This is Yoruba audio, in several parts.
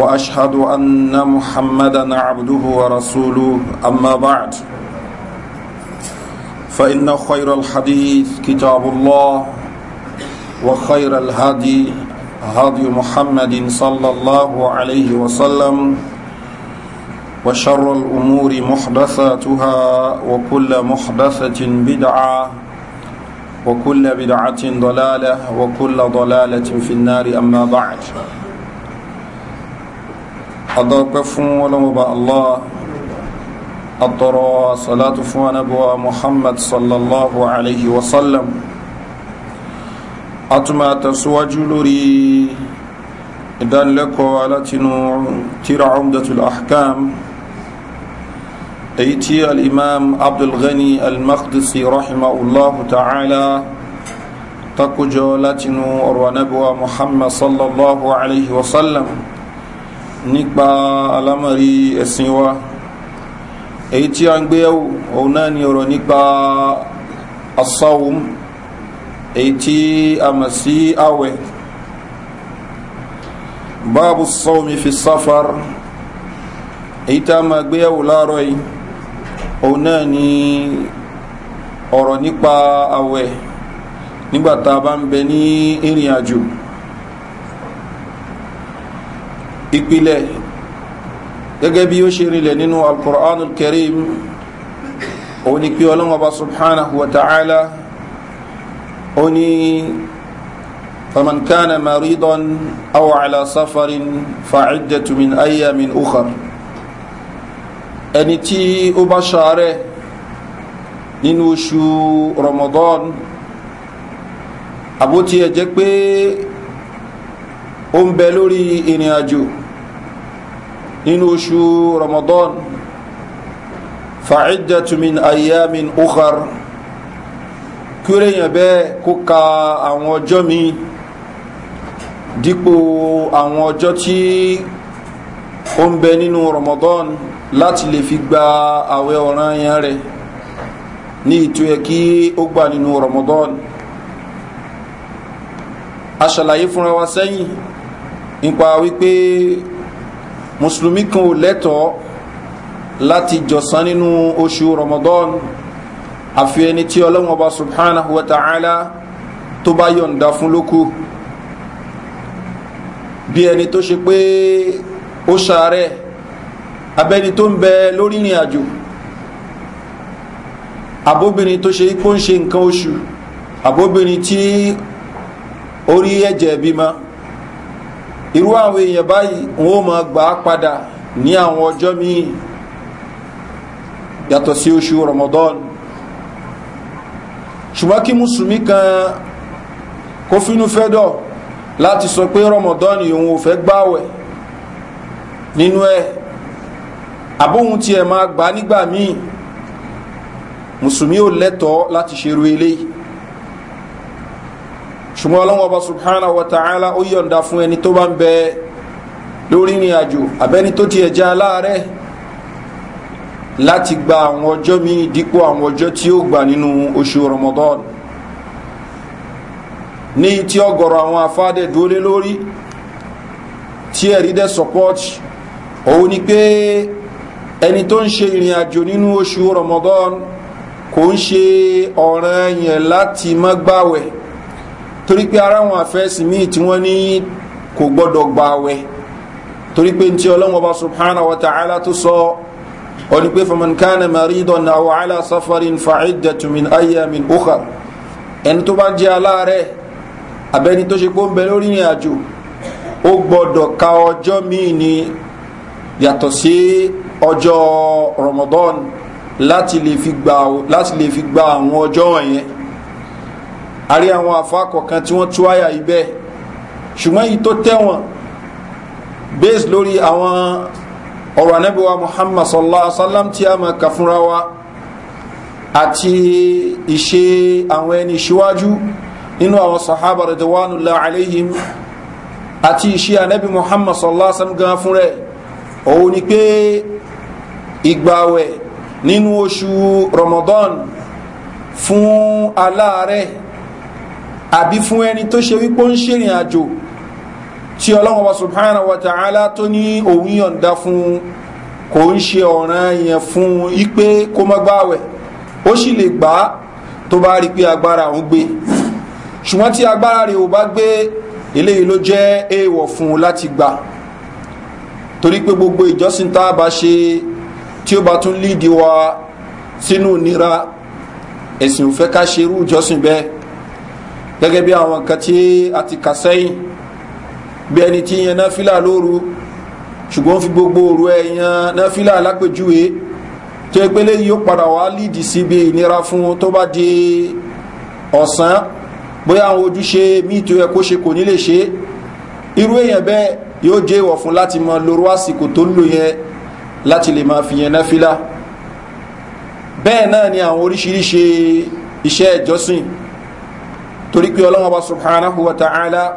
واشهد ان محمدا عبده ورسوله اما بعد فان خير الحديث كتاب الله وخير الهدي هدي محمد صلى الله عليه وسلم وشر الامور محدثاتها وكل محدثه بدعه وكل بدعه ضلاله وكل ضلاله في النار اما بعد ادوك فون ولم با الله اطر صلاه فون ابو محمد صلى الله عليه وسلم اتما تسوى جلوري اذن لك ولا تنو تير عمدة الاحكام ايتي الامام عبد الغني المقدسي رحمه الله تعالى تكو اروى نبوى محمد صلى الله عليه وسلم nípa alámọ̀rí ẹ̀sìn wa èyí tí a ń gbé ẹ̀wò òun náà ni ọ̀rọ̀ nípa asawum èyí tí a mọ̀ sí awẹ̀ báàbù sawmi fi sáfar èyí tí a mọ̀ gbé ẹ̀wò láàárọ̀ yìí òun náà ni ọ̀rọ̀ nípa awẹ̀ nígbàtà bá ń bẹ ní ìrìn àjò ìpìlẹ̀ gẹ́gẹ́ bí ó ṣe rinlẹ̀ nínú alkùránù kẹrìm òun ni pé ọlọ́wọ́ bá subhanahu wa ta'ala ó ní فمن كان مريضا أو على سفر فعدة من أيام أخر ẹni tí ó bá ṣàárẹ̀ nínú oṣù ramadan àbótiẹ̀ jẹ́ pé ó ń bẹ lórí ìrìn àjò nínú oṣù ramadan fàájẹ́tùmín ayyamin ukhar kí ó rèyàn bẹ́ẹ̀ kó ka àwọn ọjọ́ mi dípò àwọn ọjọ́ tí ó ń bẹ nínú ramadan láti lè fi gba àwẹ́ ọ̀ràn yẹn rẹ̀ ní ìtò ẹ̀ kí ó gbà nínú ramadan aṣàlàyé fúnra wa sẹ́yìn nípa wípé mùsùlùmí kan ò lẹ́tọ̀ọ́ láti jọ̀sán nínú oṣù ramadan àfi ẹni tí ọlọ́run ọba subhanahu wa ta'ala tó bá yọ̀ǹda fún lókù bí ẹni tó ṣe pé ó ṣàárẹ̀ abẹ́ni tó ń bẹ lórí ìrìn àjò abóbìnrin tó ṣe pé ń ṣe nǹkan oṣù abóbìnrin tí orí ẹ̀jẹ̀ bímọ irú àwọn èèyàn báyìí wọn ó máa gbà á padà ní àwọn ọjọ́ míì yàtọ̀ sí oṣù ramadan ṣùgbọ́n kí mùsùlùmí kan kó fínú fẹ́ dọ̀ láti sọ pé ramadan òun ò fẹ́ gbáwẹ̀ nínú ẹ̀ àbóhun tiẹ̀ máa gbà nígbà míì mùsùlùmí ò lẹ́tọ̀ọ́ láti ṣerú eléyìí ṣùgbọ́n ọlọ́wọ́ ọba subhana wa ta'ala ó yọ̀nda fún ẹni tó bá ń bẹ lórí ìrìn àjò àbẹ́ni tó ti ẹ̀já aláàrẹ̀ láti gba àwọn ọjọ́ míì dípò àwọn ọjọ́ tí ó gbà nínú oṣù ramadan ní tí ọgọ̀rọ̀ àwọn afáàdẹ̀ dúólé lórí tí ẹ̀rí dẹ̀ support òun ni pé ẹni tó ń ṣe ìrìn àjò nínú oṣù ramadan kò ń ṣe ọ̀ràn yẹn láti mọ́gbàwẹ̀ torí pé ara wọn àfẹ́sì míì tí wọ́n ní kò gbọ́dọ̀ gba awẹ́ torí pé ní tí ọlọ́wọ́n bá subhana wa ta'ala tó sọ ọ ni pé famankana marido na wa ala safarin fa'idda tumin aya min ukhar ẹni tó bá jẹ́ aláàrẹ̀ abẹ́ni tó ṣe pé ó ń bẹ lórí ìrìn àjò ó gbọ́dọ̀ ka ọjọ́ míì ni yàtọ̀ sí ọjọ́ ramadan láti lè fi gba àwọn ọjọ́ wọ̀nyẹn àrí àwọn àfákọ̀ọ̀kan tí wọ́n tú àyà ibẹ̀ ṣùgbọ́n yìí tó tẹ́wọ̀n based lórí àwọn ọ̀rọ̀ anábíwá muhammad sallallahu alaihi wasallam tí a ma kà fúnra wa àti ìṣe àwọn ẹni ṣíwájú nínú àwọn sahaba radwanullah alaihim àti ìṣe anábí muhammad sallallahu alaihi wasallam gan fúnra ẹ̀ òun ni pé ìgbàwẹ̀ nínú oṣù ramadan fún aláàrẹ̀ àbí fún ẹni tó ṣe wípé ń ṣèrìn àjò tí ọlọ́run wa subhana wa ta'ala tó ní òun yọ̀ǹda fún kò ń ṣe ọ̀ràn yẹn fún ipe kó má gbáwẹ̀ ó sì lè gbà á tó bá rí pé agbára òun gbé ṣùgbọ́n tí agbára rẹ̀ ò bá gbé eléyìí ló jẹ́ èèwọ̀ fún un láti gbà torí pé gbogbo ìjọsìn tá a bá ṣe tí ó bá tún lídìí wa sínú ìnira ẹ̀sìn ò fẹ́ ká ṣerú ìjọsìn bẹ́ẹ̀ gẹ́gẹ́ bí àwọn nǹkan tí a ti kà sẹ́yìn bí ẹni tí yan náfìlà lóru ṣùgbọ́n fi gbogbo òru ẹ̀ yan náfìlà lápèjúwe tó yẹ pé léyìí ó padà wá lídì síbi ìnira fún tó bá di ọ̀sán bóyá àwọn ojúṣe míì tó ṣe kò ní lè ṣe irú èèyàn bẹ́ẹ̀ yóò jẹ́ ìwọ̀ fún láti mọ lóru àsìkò tó ń lò yẹn láti lè máa fi yẹn náfìlà bẹ́ẹ̀ náà ni àwọn oríṣiríṣi iṣẹ́ ìjọsìn torí pé ọlọ́wọ́n bá subhanahu wa ta'ala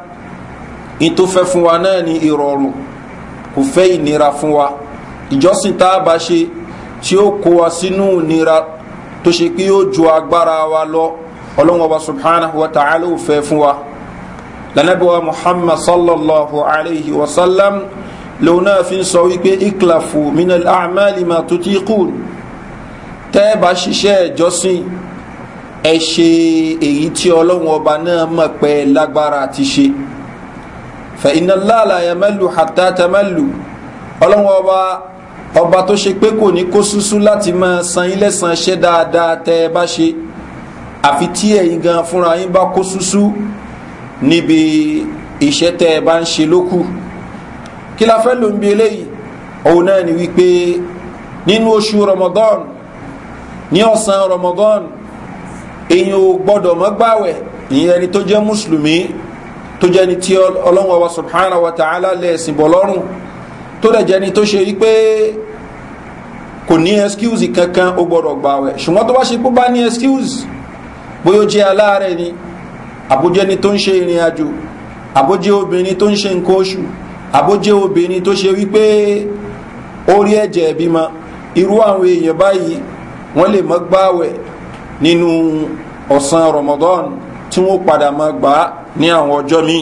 in tó fẹ́ fún wa náà ní ìrọ̀rùn kò fẹ́ ìnira fún wa ìjọsìn tá a bá ṣe tí ó kó wa sínú ìnira tó ṣe pé ó ju agbára wa lọ ọlọ́wọ́n bá subhanahu wa ta'ala ò fẹ́ fún wa lanabiwa muhammad sallallahu alayhi wa sallam lòun náà fi ń sọ wípé iklafu minal amali ma tuti kun tẹ́ bá ṣiṣẹ́ ìjọsìn ẹ ṣe èyí tí ọlọ́run ọba náà mọ̀ pé lágbára ti ṣe fẹ iná láàlà yẹn mẹ́lù àtà tẹ́mẹ́lù ọlọ́run ọba ọba tó ṣe pé kò ní kó súsú láti máa san yín lẹ́sàn ṣe dáadáa tẹ́ ẹ bá ṣe àfi tí ẹ̀yin gan fúnra yín bá kó súsú níbi iṣẹ́ tẹ́ ẹ bá ń ṣe lókù kí la fẹ́ ló ń bi eléyìí òun náà ni wípé nínú oṣù ramadan ní ọ̀sán ramadan èyàn ò gbọ́dọ̀ mọ́ gbàwẹ̀ ìyẹn ẹni tó jẹ́ mùsùlùmí tó jẹ́ ni tí ọlọ́run ọba subhanahu wa ta'ala lẹ́ẹ̀sìn bọ̀ lọ́rùn tó dẹ̀ jẹ́ ni tó ṣe wípé kò ní excuse kankan ó gbọ́dọ̀ gbàwẹ̀ ṣùgbọ́n tó bá ṣe pé bá ní excuse bóyá ó jẹ́ aláàárẹ̀ ni àbójẹ́ni tó ń ṣe ìrìn àjò àbójẹ́ obìnrin tó ń ṣe nǹkan oṣù àbójẹ́ obìnrin tó ṣe wípé ó rí ẹ̀jẹ̀ bímọ irú àwọn èèyàn báyìí wọ́n lè mọ́ gbàwẹ̀ nínú ọ̀sán ramadan tí wọ́n padà máa gbà á ní àwọn ọjọ́ mi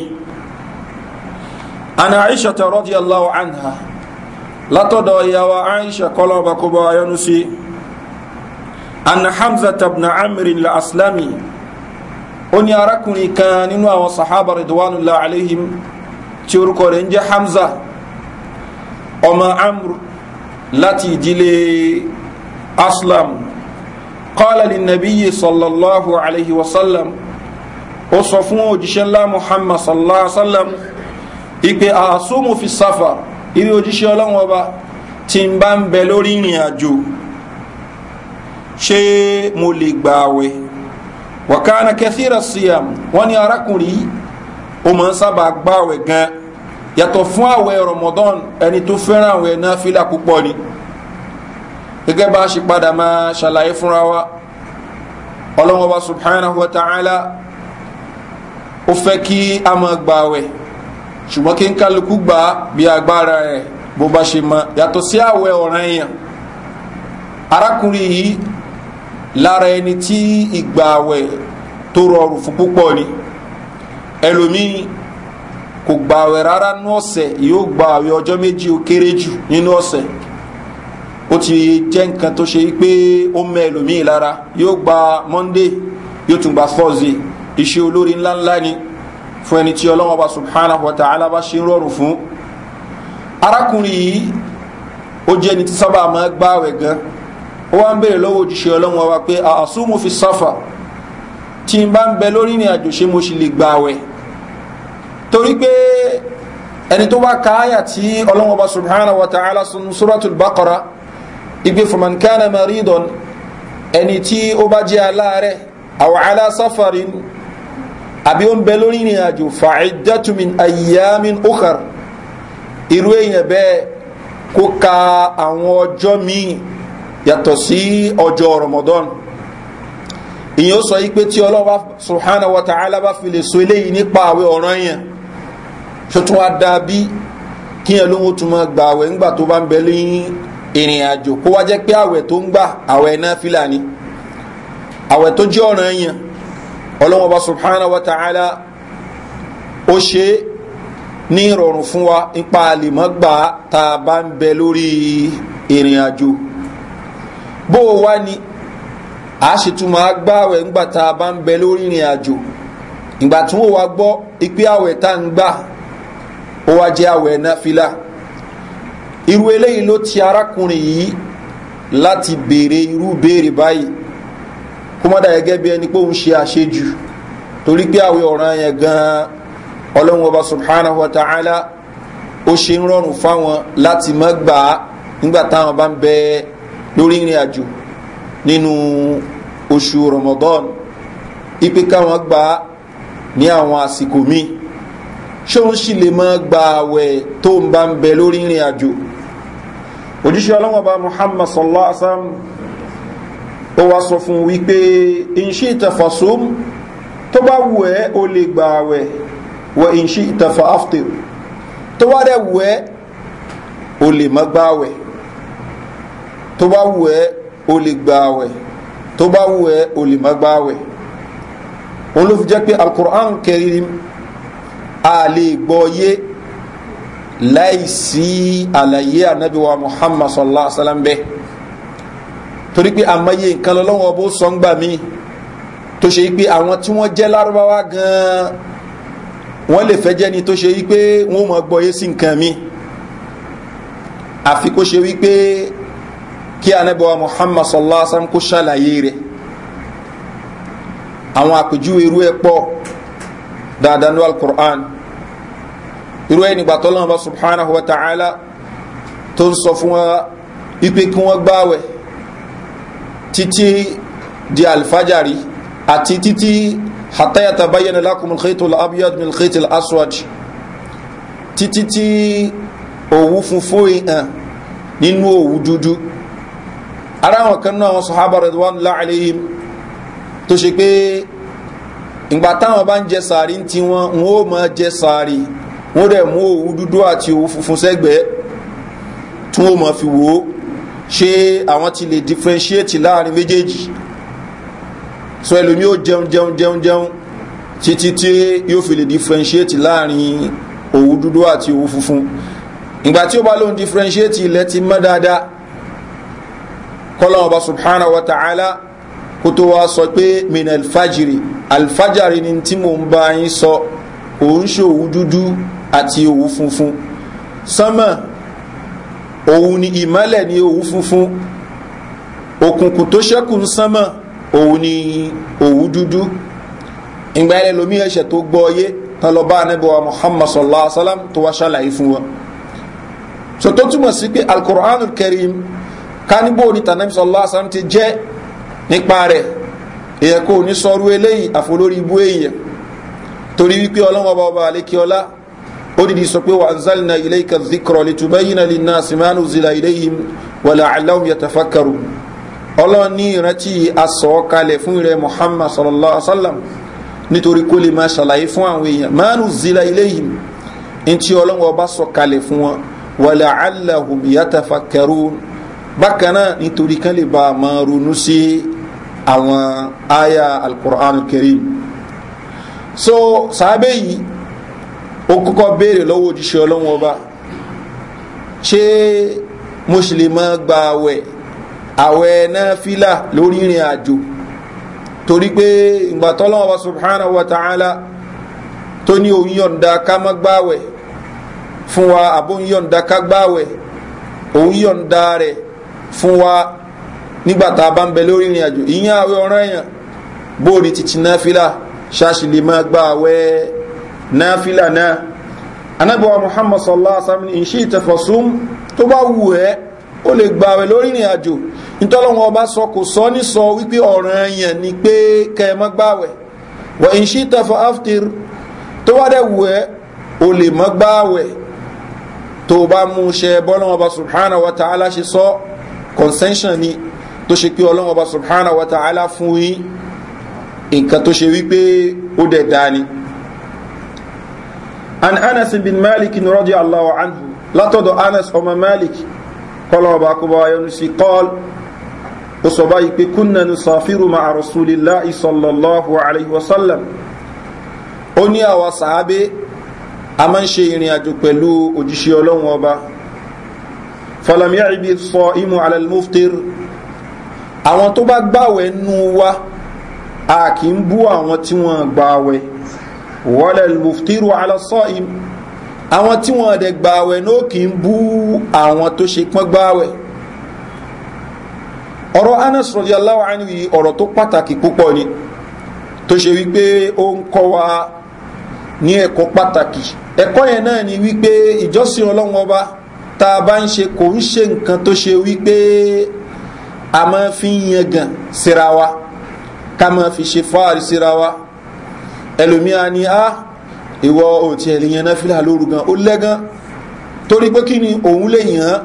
ana aisha ta rọ́dí aláwọ̀ anha látọ̀dọ̀ ìyàwó aisha kọlọ́ba kó bá ayọ́nu sí anna hamza tabna amirin la aslami ó ní arákùnrin kan nínú àwọn sahaba ridwanula alayhim tí orúkọ rẹ̀ ń jẹ́ hamza ọmọ amr láti ìdílé aslam kọ́lá lè nàbíyè sallallahu alayhi wa sallam ó sọ fún òjíṣẹ́ ńlá muhammad sallallahu alayhi wa sallam ìpè àsomù fi sáfà ìrì òjíṣẹ́ ọlọ́run ọba tí n bá ń bẹ lórí ìrìn àjò ṣé mo lè gbà àwẹ̀ wàkánà kẹsíra síyàm wọ́n ní arákùnrin ó máa ń sábà gbà àwẹ̀ gan yàtọ̀ fún àwẹ̀ ramadan ẹni tó fẹ́ràn àwẹ̀ náà fílà púpọ̀ ni gẹ́gẹ́ bá a ṣe padà máa ṣàlàyé fúnra wa ọlọ́wọ́n bá subhanahu wa ta'ala ó fẹ́ kí a máa gbà wẹ̀ ṣùgbọ́n kí n kálukú gbà bí agbára ẹ̀ bó bá ṣe mọ yàtọ̀ sí àwẹ̀ ọ̀ràn èèyàn arákùnrin yìí lára ẹni tí ìgbà àwẹ̀ tó rọrùn fún púpọ̀ ni ẹlòmíì kò gbà àwẹ̀ rárá nú ọ̀sẹ̀ yóò gbà àwẹ̀ ọjọ́ méjì ó kéré jù nínú ọ̀sẹ̀ ó ti jẹ́ nǹkan tó ṣe pé ó mẹ́ ẹlòmíì lára yóò gba monday yóò tún gba thursday iṣẹ́ olórí ńláńlá ni fún ẹni tí ọlọ́wọ́ bá subhanahu wa ta'ala bá ṣe ń rọrùn fún arákùnrin yìí ó jẹ́ ẹni tí sábà máa gbáwẹ̀ gan ó wá ń bèèrè lọ́wọ́ òjíṣẹ́ ọlọ́wọ́ wa pé àsúmù fi sáfà tí n bá ń bẹ lórí ìrìn àjò ṣe mo sì lè gbáwẹ̀ torí pé ẹni tó bá ka àyà tí ọlọ́wọ́ bá subhanahu wa ta'ala suratul baqara igbe fọmọkánà maridon ẹni tí ó bá jẹ́ aláàrẹ̀ àwọn aláṣáfarin àbí ó ń bẹ lórí ìrìn àjò fàáìdẹ́tùmín ayyamin ukhar irú èèyàn bẹ́ẹ̀ kó ka àwọn ọjọ́ míì yàtọ̀ sí ọjọ́ ramadan ìyẹn ó sọ yí pé tí ọlọ́wà subhanahu wa ta'ala fi lè so eléyìí nípa àwẹ̀ ọ̀ràn yẹn tuntun adàbí kí yẹn ló ń máa gbà àwẹ̀ ńgbà tó bá ń bẹ lẹ́yìn ìrìn àjò kó wá jẹ́ pé àwẹ̀ tó ń gbà àwẹ̀ náà fìlàní àwẹ̀ tó jẹ́ ọ̀ràn yẹn ọlọ́wọ́n bá subhanahu wa ta'ala ó ṣe ní ìrọ̀rùn fún wa ipa àlèmọ́gbà tá a bá ń bẹ lórí ìrìn àjò bó o wá ni a ṣe tún máa gbàwẹ̀ ńgbà tá a bá ń bẹ lórí ìrìn àjò ìgbà tí wọ́n wá gbọ́ ìpé àwẹ̀ tá ń gbà ó wá jẹ́ àwẹ̀ náà fìlàní irú eléyìí ló ti arákùnrin yìí láti béèrè irú béèrè báyìí kó mọ́dà gẹ́gẹ́ bí ẹni pé òun ṣe àṣejù torí pé àwẹ̀ ọ̀ràn yẹn gan-an ọlọ́run ọba subhanahu wa ta'ala ó ṣe ń rọrùn fáwọn láti mọ́ gbà á nígbà táwọn bá ń bẹ lórí ìrìn àjò nínú oṣù ramadan ipe káwọn gbà á ní àwọn àsìkò míì ṣé òun sì lè mọ́ gbà àwẹ̀ tó ń bá ń bẹ lórí ìrìn àjò òjíṣẹ́ ọlọ́wọ́ bá muhammad sallallahu alaihi wasallam ó wá sọ fún wípé ìṣí ìtafàsóm tó bá wù ẹ́ o lè gbà àwẹ̀ wọ ìṣí ìtafà aftir tó bá dẹ̀ wù ẹ́ o lè má gbà àwẹ̀ tó bá wù ẹ́ o lè gbà àwẹ̀ tó bá wù ẹ́ o lè má gbà àwẹ̀ òun jẹ́ pé alukur'an kẹrin a lè gbọ́ yé láìsí àlàyé ànábì wa muhammad sallallahu alaihi wa sallam bẹ́ẹ̀ torí pé àmọye nǹkan lọ́wọ́ bó sọ ń gbà mí tó ṣe pé àwọn tí wọ́n jẹ́ lárúbáwá gan-an wọ́n lè fẹ́ jẹ́ni tó ṣe wípé wọ́n mọ̀ gbọ́yé sí nǹkan mi àfi kó ṣe wípé kí anábẹ́wà muhammad sallallahu alaihi wasallam kó ṣàlàyé rẹ̀ àwọn àpèjúwe irú ẹ̀ pọ̀ dáadáa ní alukur'an irú ẹni gbàtọ́ lọ́wọ́ bá subhanahu wa ta'ala tó ń sọ fún wọn ipe kí wọ́n gbáwẹ̀ títí di alfajari àti títí hatayata bayyana lakumul khaytul abiyad min khaytul aswad títí tí òwú funfun hàn nínú òwú dúdú ara àwọn kan náà sọ̀hábà rẹ̀dùwọ́n láàrín tó ṣe pé ìgbà táwọn bá ń jẹ sàárì tí wọ́n ó mọ jẹ sàárì wọ́n dẹ̀ mú òwú dúdú àti òwú funfun sẹ́gbẹ̀ẹ́ tí wọ́n mọ̀ fi wò ó ṣé àwọn ti lè differentiate láàrin méjèèjì sọ ẹlòmí ó jẹun jẹun jẹun jẹun títí tí yóò fi lè differentiate láàrin òwú dúdú àti òwú funfun ìgbà tí ó bá lóun differentiate ilẹ̀ ti mọ́ dáadáa kọ́lọ́wọ́n ọba subhanahu wa ta'ala kó tó wá sọ pé min alfajiri Alfajiri ni tí mò ń bá yín sọ òun ṣòwú dúdú àti òwú funfun sánmà òun ni ìmọ́lẹ̀ ní òwú funfun òkùnkùn tó ṣẹ́kù ń sánmà òun ni òwú dúdú ìgbà ilẹ̀ ẹ̀ṣẹ̀ tó gbọ́ ọyé tán lọ bá anábọ̀wá muhammad sallallahu alaihi wa sallam tó wá ṣàlàyé fún wọn so tó túmọ̀ sí pé alukur'anul karim kánibó ni tànàbí sallallahu alaihi wa sallam ti jẹ́ nípa rẹ̀ èèyàn kò ní sọrú eléyìí àfolórí ibú èèyàn torí wípé ọlọ́wọ́ bá ọba àlékí ọlá ó dìdí sọ pé wa anzalna ilayka dhikra litubayyina linnasi ma nuzila ilayhim wa la'allahum yatafakkarun ọlọ́run ní ìrántí asọ̀ kalẹ̀ fún rẹ̀ muhammad sallallahu alaihi wa sallam nítorí kó lè máa ṣàlàyé fún àwọn èèyàn ma nuzila ilayhim ntí ọlọ́run ọba sọ kalẹ̀ fún wa la'allahum yatafakkarun bákan náà nítorí kan lè ba máa ronú sí àwọn aya al-Qur'an so sábẹ́ yìí ó kọ́kọ́ béèrè lọ́wọ́ òjíṣẹ́ ọlọ́run ọba ṣé mo ṣì lè máa gba àwẹ̀ àwẹ̀ náà fílà lórí ìrìn àjò torí pé ìgbà tọ́lọ́wọ́ ọba subhanahu wa ta'ala tó ní òun yọ̀ǹda ká má gbàwẹ̀ fún wa àbóun yọ̀ǹda ká gbàwẹ̀ òun yọ̀ǹda rẹ̀ fún wa nígbàtà bá ń bẹ lórí ìrìn àjò ìyẹn àwẹ̀ ọ̀ranyàn bóòrí títí náà fílà ṣáṣì lè máa gbàwẹ̀ náfílà náà anábíwá muhammad sallallahu alaihi wasallam in shi tafasum tó bá wù ẹ́ ó lè gba àwẹ̀ lórí ìrìn àjò nítọ́lọ́wọ́ ọba sọ kò sọ ní sọ wípé ọ̀ràn èèyàn ni pé kẹ́ẹ̀mọ́ gbàwẹ̀ wọ in shi tafa aftir tó wá dẹ̀ wù ẹ́ ó lè mọ́ gbàwẹ̀ tó bá mú ṣe bọ́lọ́wọ́ subhanahu wa ta'ala ṣe sọ an anas bin malik radiyallahu anhu látọ̀dọ̀ anas ọmọ malik kọlọ̀ọ̀bà kọba ayọ́nu sí kọ́ọ̀lù ó sọ báyìí pé kúnnà ní sàfírù ma àrùsùlélá ìsọ̀lọ̀lọ́hù aláìwọ̀sálàm ó ní àwọn sàábé a máa ń ṣe ìrìn àjò pẹ̀lú òjíṣẹ́ ọlọ́run ọba falamiyaribi sọ imu alalmuftir àwọn tó bá gbàwẹ̀ nú wa a kì í bú àwọn tí wọ́n wala al-muftiru ala as-sa'im àwọn tí wọ́n dẹ̀ gbààwẹ̀ náà kì í bú àwọn tó ṣe pọ́n gbààwẹ̀ ọ̀rọ̀ Anas radiyallahu anhu yìí ọ̀rọ̀ tó pàtàkì púpọ̀ ni tó ṣe wípé ó ń kọ́ wa ní ẹ̀kọ́ pàtàkì ẹ̀kọ́ yẹn náà ni wípé ìjọsìn Ọlọ́run Ọba tá bá ń ṣe kò ń ṣe nǹkan tó ṣe wípé a máa fi ń yangàn síra wa ká máa fi ṣe fáàrí síra wa ẹlòmíà ni a ah, ìwọ òtí ẹ̀lìyàn náà fílà lóru gan ó lẹ́gán torí pé kí ni òun lè yàn án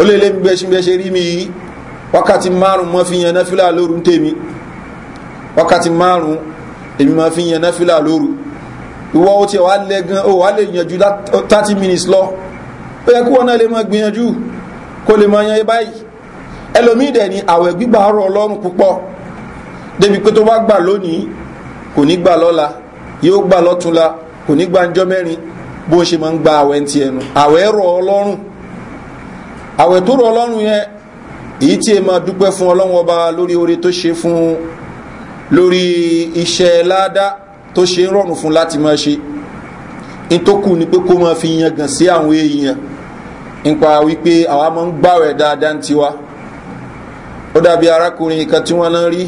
ó lè lé mi bẹ́ẹ̀ ṣe ṣe rí mi yìí wákàtí márùn mọ́ fi yàn náà fílà lóru ń tèmi wákàtí márùn èmi máa fi yàn náà fílà lóru ìwọ òtí ẹ̀ lẹ́gán ó wá lè yànjú 30 minutes lọ ó yẹ kí wọn náà lè máa gbìyànjú kó lè máa yan ẹ báyìí ẹlòmíì dẹ̀ ni àwẹ̀ gbígbà rọ̀ ọlọ́run púpọ̀ débi pé tó bá gbà lónìí kò ní gbà lọ́la yóò gbà lọ́túnla kò ní gbà ńjọ́ mẹ́rin bó ṣe máa ń gba àwẹ̀ ti ẹnu àwẹ̀ rọ̀ ọlọ́run àwẹ̀ tó rọ̀ ọlọ́run yẹn èyí tí ẹ máa dúpẹ́ fún ọlọ́run ọba lórí oore tó ṣe fún lórí iṣẹ́ ládá tó ṣe ń rọrùn fún láti máa ṣe nítòkù ni pé kó máa fi yangàn sí àwọn èèyàn nípa wípé àwa máa ń gbàwẹ̀ dáadáa ń tiwa ó dàbí arákùnrin kan tí wọ́n náà rí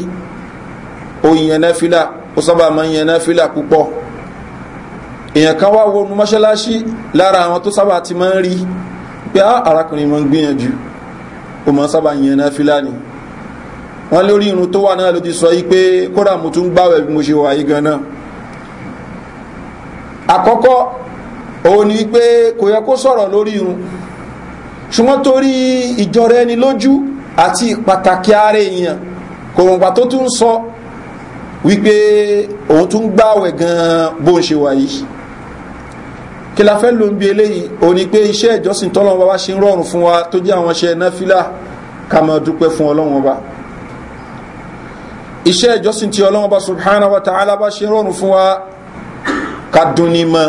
òyìnbó náà fi dáa ó sábà máa ń yẹn náfílà púpọ̀ èèyàn kan wá wọnú mọ́ṣáláṣí lára àwọn tó sábà ti máa ń rí pé arákùnrin máa ń gbìyànjú ó máa sábà yẹn náfílà ni wọ́n lórí irun tó wà náà ló ti sọ yí pé kódà mo tún gbáwẹ̀ bí mo ṣe wà yí gan náà àkọ́kọ́ òun ni wípé kò yẹ kó sọ̀rọ̀ lórí irun ṣùgbọ́n torí ìjọra ẹni lójú àti pàtàkì ara èèyàn kòròǹgbà tó tún sọ wípé òun tún gbáwẹ̀ gan bó ń ṣe wà yìí kí la fẹ́ ló ń bi eléyìí o ní pé iṣẹ́ ìjọsìn tọ́lọ́wọ́n bá wá ṣe ń rọrùn fún wa tó jẹ́ àwọn iṣẹ́ náfílà ká máa dúpẹ́ fún ọlọ́wọ́n ọba iṣẹ́ ìjọsìn tí ọlọ́wọ́n ọba subhana wa ta'ala bá ṣe ń rọrùn fún wa ká dún ní mọ́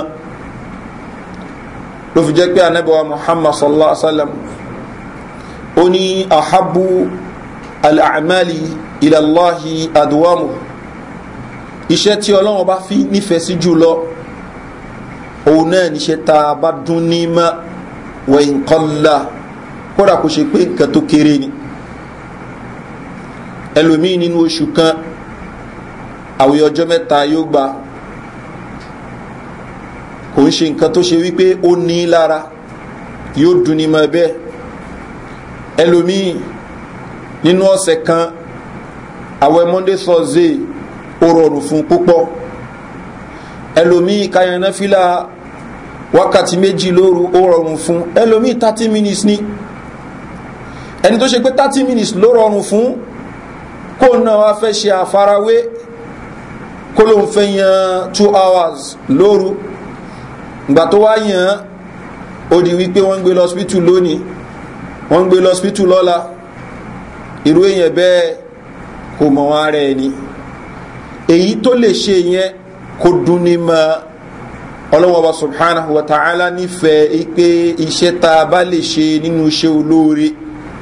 ló fi jẹ́ pé anábẹ́wà muhammad sallallahu alaihi wa sallam ó ní ahabu al'amali ilallahi aduwamu iṣẹ́ tí ọlọ́run bá fi nífẹ̀ẹ́ sí jù lọ òun náà níṣẹ́ tá a bá dún ní mọ́ wẹ̀yìn kọ́lá kódà kò ṣe pé nǹkan tó kéré ni ẹlòmíín nínú oṣù kan àwẹ̀ ọjọ́ mẹ́ta yóò gba kò ń ṣe nǹkan tó ṣe wípé ó ní lára yóò dún ní mọ́ bẹ́ẹ̀ ẹlòmíín nínú ọ̀sẹ̀ kan àwẹ̀ monday thursday ó rọrùn fún púpọ̀ ẹlòmíì kayaná fílà wákàtí méjì lóru ó rọrùn fún ẹlòmíì thirty minutes ni ẹni tó ṣe pé thirty minutes ló rọrùn fún kó náà wá fẹ́ ṣe àfarawé kó ló ń fẹ́ yan two hours lóru ìgbà tó wá yan ó di wípé wọ́n ń gbé lọ́spítù lónìí wọ́n ń gbé lọ́spítù lọ́la irú èèyàn bẹ́ẹ̀ kò mọ̀ wọn ara ẹni èyí tó lè ṣe yẹn kó dún ní mọ́ ọlọ́wọ́ba subhanahu wa ta'ala nífẹ̀ẹ́ pé iṣẹ́ tá a bá lè ṣe nínú iṣẹ́ olóore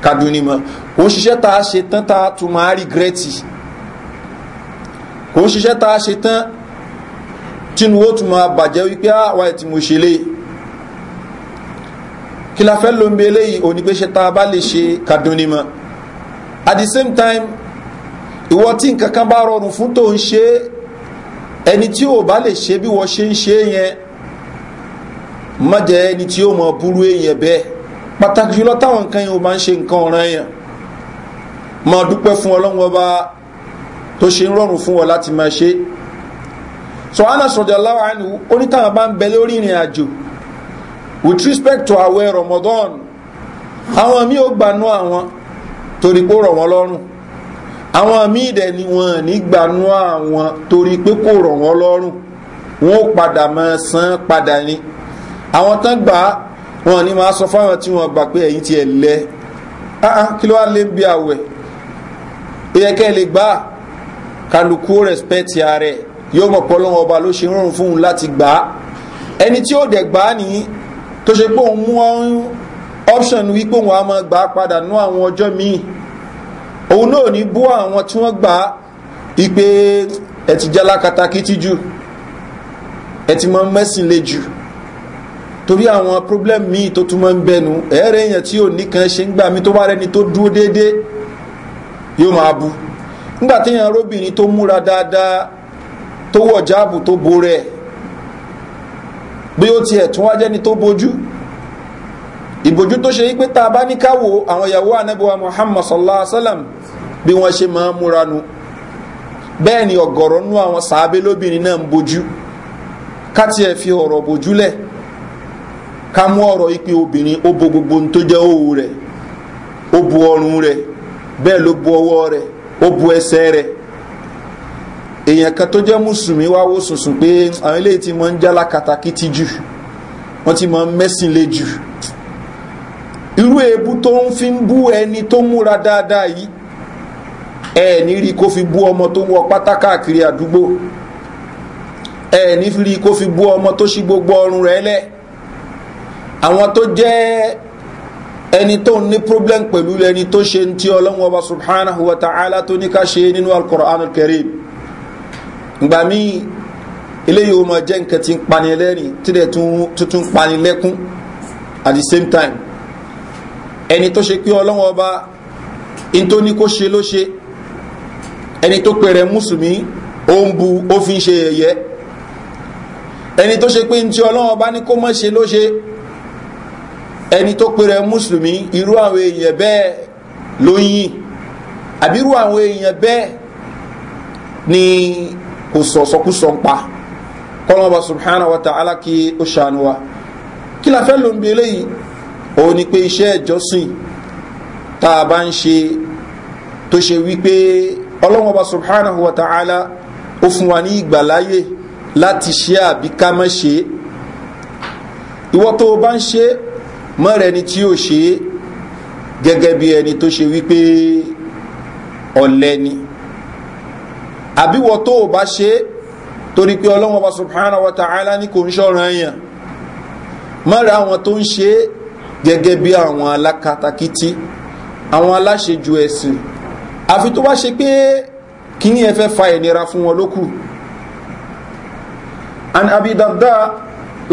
ká dún ní mọ́ kò ń ṣiṣẹ́ tá a ṣe tán tá a tún máa rìgírẹ́tì kò ṣiṣẹ́ tá a ṣe tán tínú ó tún máa bàjẹ́ wípé àwa ah, ẹ̀ tí mo ṣe léyìí kí la fẹ́ lóun bí eléyìí òní tá a bá lè ṣe ká dún ní mọ́ at the same time ìwọ tí nǹkan kan bá rọrùn fún tó ń ṣe ẹni tí ò bá lè ṣe bí wọ́n ṣe ń ṣe yẹn má jẹ́ ẹni tí ó mọ burú èèyàn bẹ́ẹ̀ pàtàkì jùlọ táwọn nǹkan yẹn ò máa ń ṣe nǹkan ọ̀ràn yẹn má dúpẹ́ fún ọlọ́run ọba tó ṣe ń rọrùn fún ọ láti máa ṣe so anas radiyallahu anhu onítàwọn bá ń bẹ lórí ìrìn àjò with respect to àwẹ̀ ramadan àwọn mi ò gbanú àwọn torí pé ó rọ̀ wọ́n lọ́rùn àwọn míì dẹ̀ ni wọn ní gbanú àwọn torí pé kò rọ̀ wọ́n lọ́rùn wọn ó padà máa san padà ni àwọn tán gbà á wọn ní máa sọ fáwọn tí wọn gbà pé ẹ̀yìn ti ẹ̀ lẹ́ kí ló wá lé bí àwẹ̀ ìyẹ́kẹ́ lè gbà á kálukú respect ara yóò mọ̀ pọ́lọ́wọ́ ọba ló ṣe rọrùn fún un láti gbà á ẹni tí ó dẹ̀ gbà á nìyí tó ṣe pé òun mú option wípé òun á máa gbà á padà nú àwọn ọjọ́ míì òun náà ní bú àwọn tí wọ́n gbà ipe ẹ̀tì jalakata kìtì jù ẹ̀tì mọ́ mẹ́sìn lè jù torí àwọn problem míì tó túnmọ́ ń bẹnu ẹ̀ẹ́rẹ́ èèyàn tí ò nìkan ṣe ń gbà mí tó bá rẹni tó dúró déédé yóò máa bu nígbà téèyàn róbìnrin tó múra dáadáa tó wọ̀ jáàbù tó bo rẹ̀ bí ó tiẹ̀ tún wá jẹ́ni tó bojú ìbòjú tó ṣe wípé tá a bá ní káwo àwọn ìyàwó anábíwá muhammad sallallahu alaihi wa sallam bí wọ́n ṣe máa ń múra nu bẹ́ẹ̀ ni ọ̀gọ̀rọ̀ nú àwọn sàábé lóbìnrin náà ń bojú fi ọ̀rọ̀ bojúlẹ̀ ká mú ọ̀rọ̀ ipe obìnrin ó bo gbogbo ohun tó jẹ́ òwò rẹ̀ bu ọrùn rẹ̀ bẹ́ẹ̀ ló bu ọwọ́ rẹ̀ ó bu ẹsẹ̀ rẹ̀ èèyàn kan tó jẹ́ mùsùlùmí wá wó sùnsùn pé àwọn eléyìí ti mọ ń jálá wọ́n ti mọ ń le jù irú èébú tó ń fi bú ẹni tó múra dáadáa yìí ẹ̀ẹ̀ni rí kó fi bú ọmọ tó wọ pátá káàkiri àdúgbò ẹ̀ẹ̀ni rí kó fi bú ọmọ tó ṣí gbogbo ọrùn rẹ̀ lẹ̀ àwọn tó jẹ́ ẹni tó ní problem pẹ̀lú ẹni tó ṣe ti ọlọ́run ọba subhanahu wa ta'ala tó ní ká ṣe nínú alkur'an kẹrin ìgbà míì eléyìí ó máa jẹ́ nǹkan tí ń pani lẹ́rìn tí dẹ̀ tún pani lẹ́kún at the same time ẹni tó ṣe pé ọlọ́wọ́ ọba in tó ní kó ṣe ló ṣe ẹni tó pèrè mùsùlùmí ó bu ó se ń ṣe yẹ̀yẹ́ ẹni tó ṣe pé in tí ọlọ́wọ́ ọba ní kó mọ́ ṣe ló ṣe ẹni tó pèrè mùsùlùmí irú àwọn èèyàn ni kò sọ̀sọ̀kúsọ̀ ń pa wata subhanahu wa ta'ala kí ó ṣàánú O ni pé iṣẹ́ ìjọsìn tá a bá ṣe tó ṣe wípé ọlọ́wọ́n bá subhanahu wa ta'ala ó fún wa ní ìgbàláyè láti ṣe àbí ká má ṣe ìwọ tó o bá ń ṣe mọ́ ni tí ó ṣe gẹ́gẹ́ bí ẹni tó ṣe wípé ọ̀lẹ́ ni àbí ìwọ tó o ṣe torí pé ọlọ́wọ́n bá subhanahu wa ta'ala ni kò ń ṣọ̀ràn èèyàn mọ́ rẹ àwọn tó ṣe gẹ́gẹ́ bí àwọn alákatakítí àwọn aláṣejù ẹ̀sìn àfi tó wá ṣe pé kíní ẹ fẹ́ fa ìnira fún wọn lókù an abi darda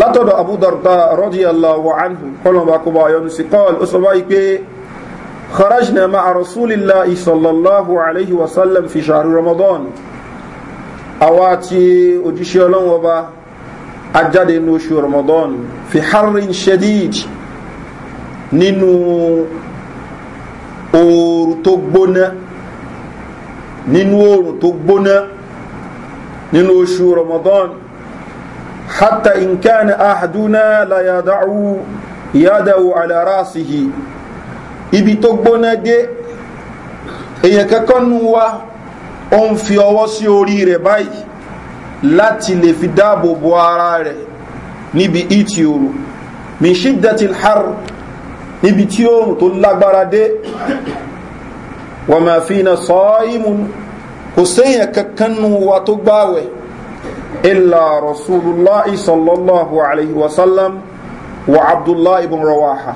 látọ̀dọ̀ abu darda radiyallahu anhu kọlọ̀bà kó bá yọnu sí kọ́ọ̀l ó sọ báyìí pé kharajna ma'a rasulillahi sallallahu alayhi wa sallam fi shahri ramadan àwa àti òjíṣẹ́ ọlọ́wọ́ bá ajáde inú oṣù ramadan fi harrin shadid nínú ooru tó gbóná nínú oorun tó gbóná nínú oṣù ramadan hatta nkan ahaduna la yadawu yadawu ala rasihi ibi tó gbóná dé èyàn kankan nu wa ó ń fi ọwọ́ sí orí rẹ̀ báyìí láti lè fi dáàbò bo ara rẹ̀ níbi ìtì oru min shiddatil harb níbi tí oòrùn tó lágbára dé wọ́n máa fi iná sọ ìmú kò séyàn kankan nù wa tó gbáwẹ̀ ilà rasulullah isallallahu alayhi wa sallam wa abdullah ibn rawaha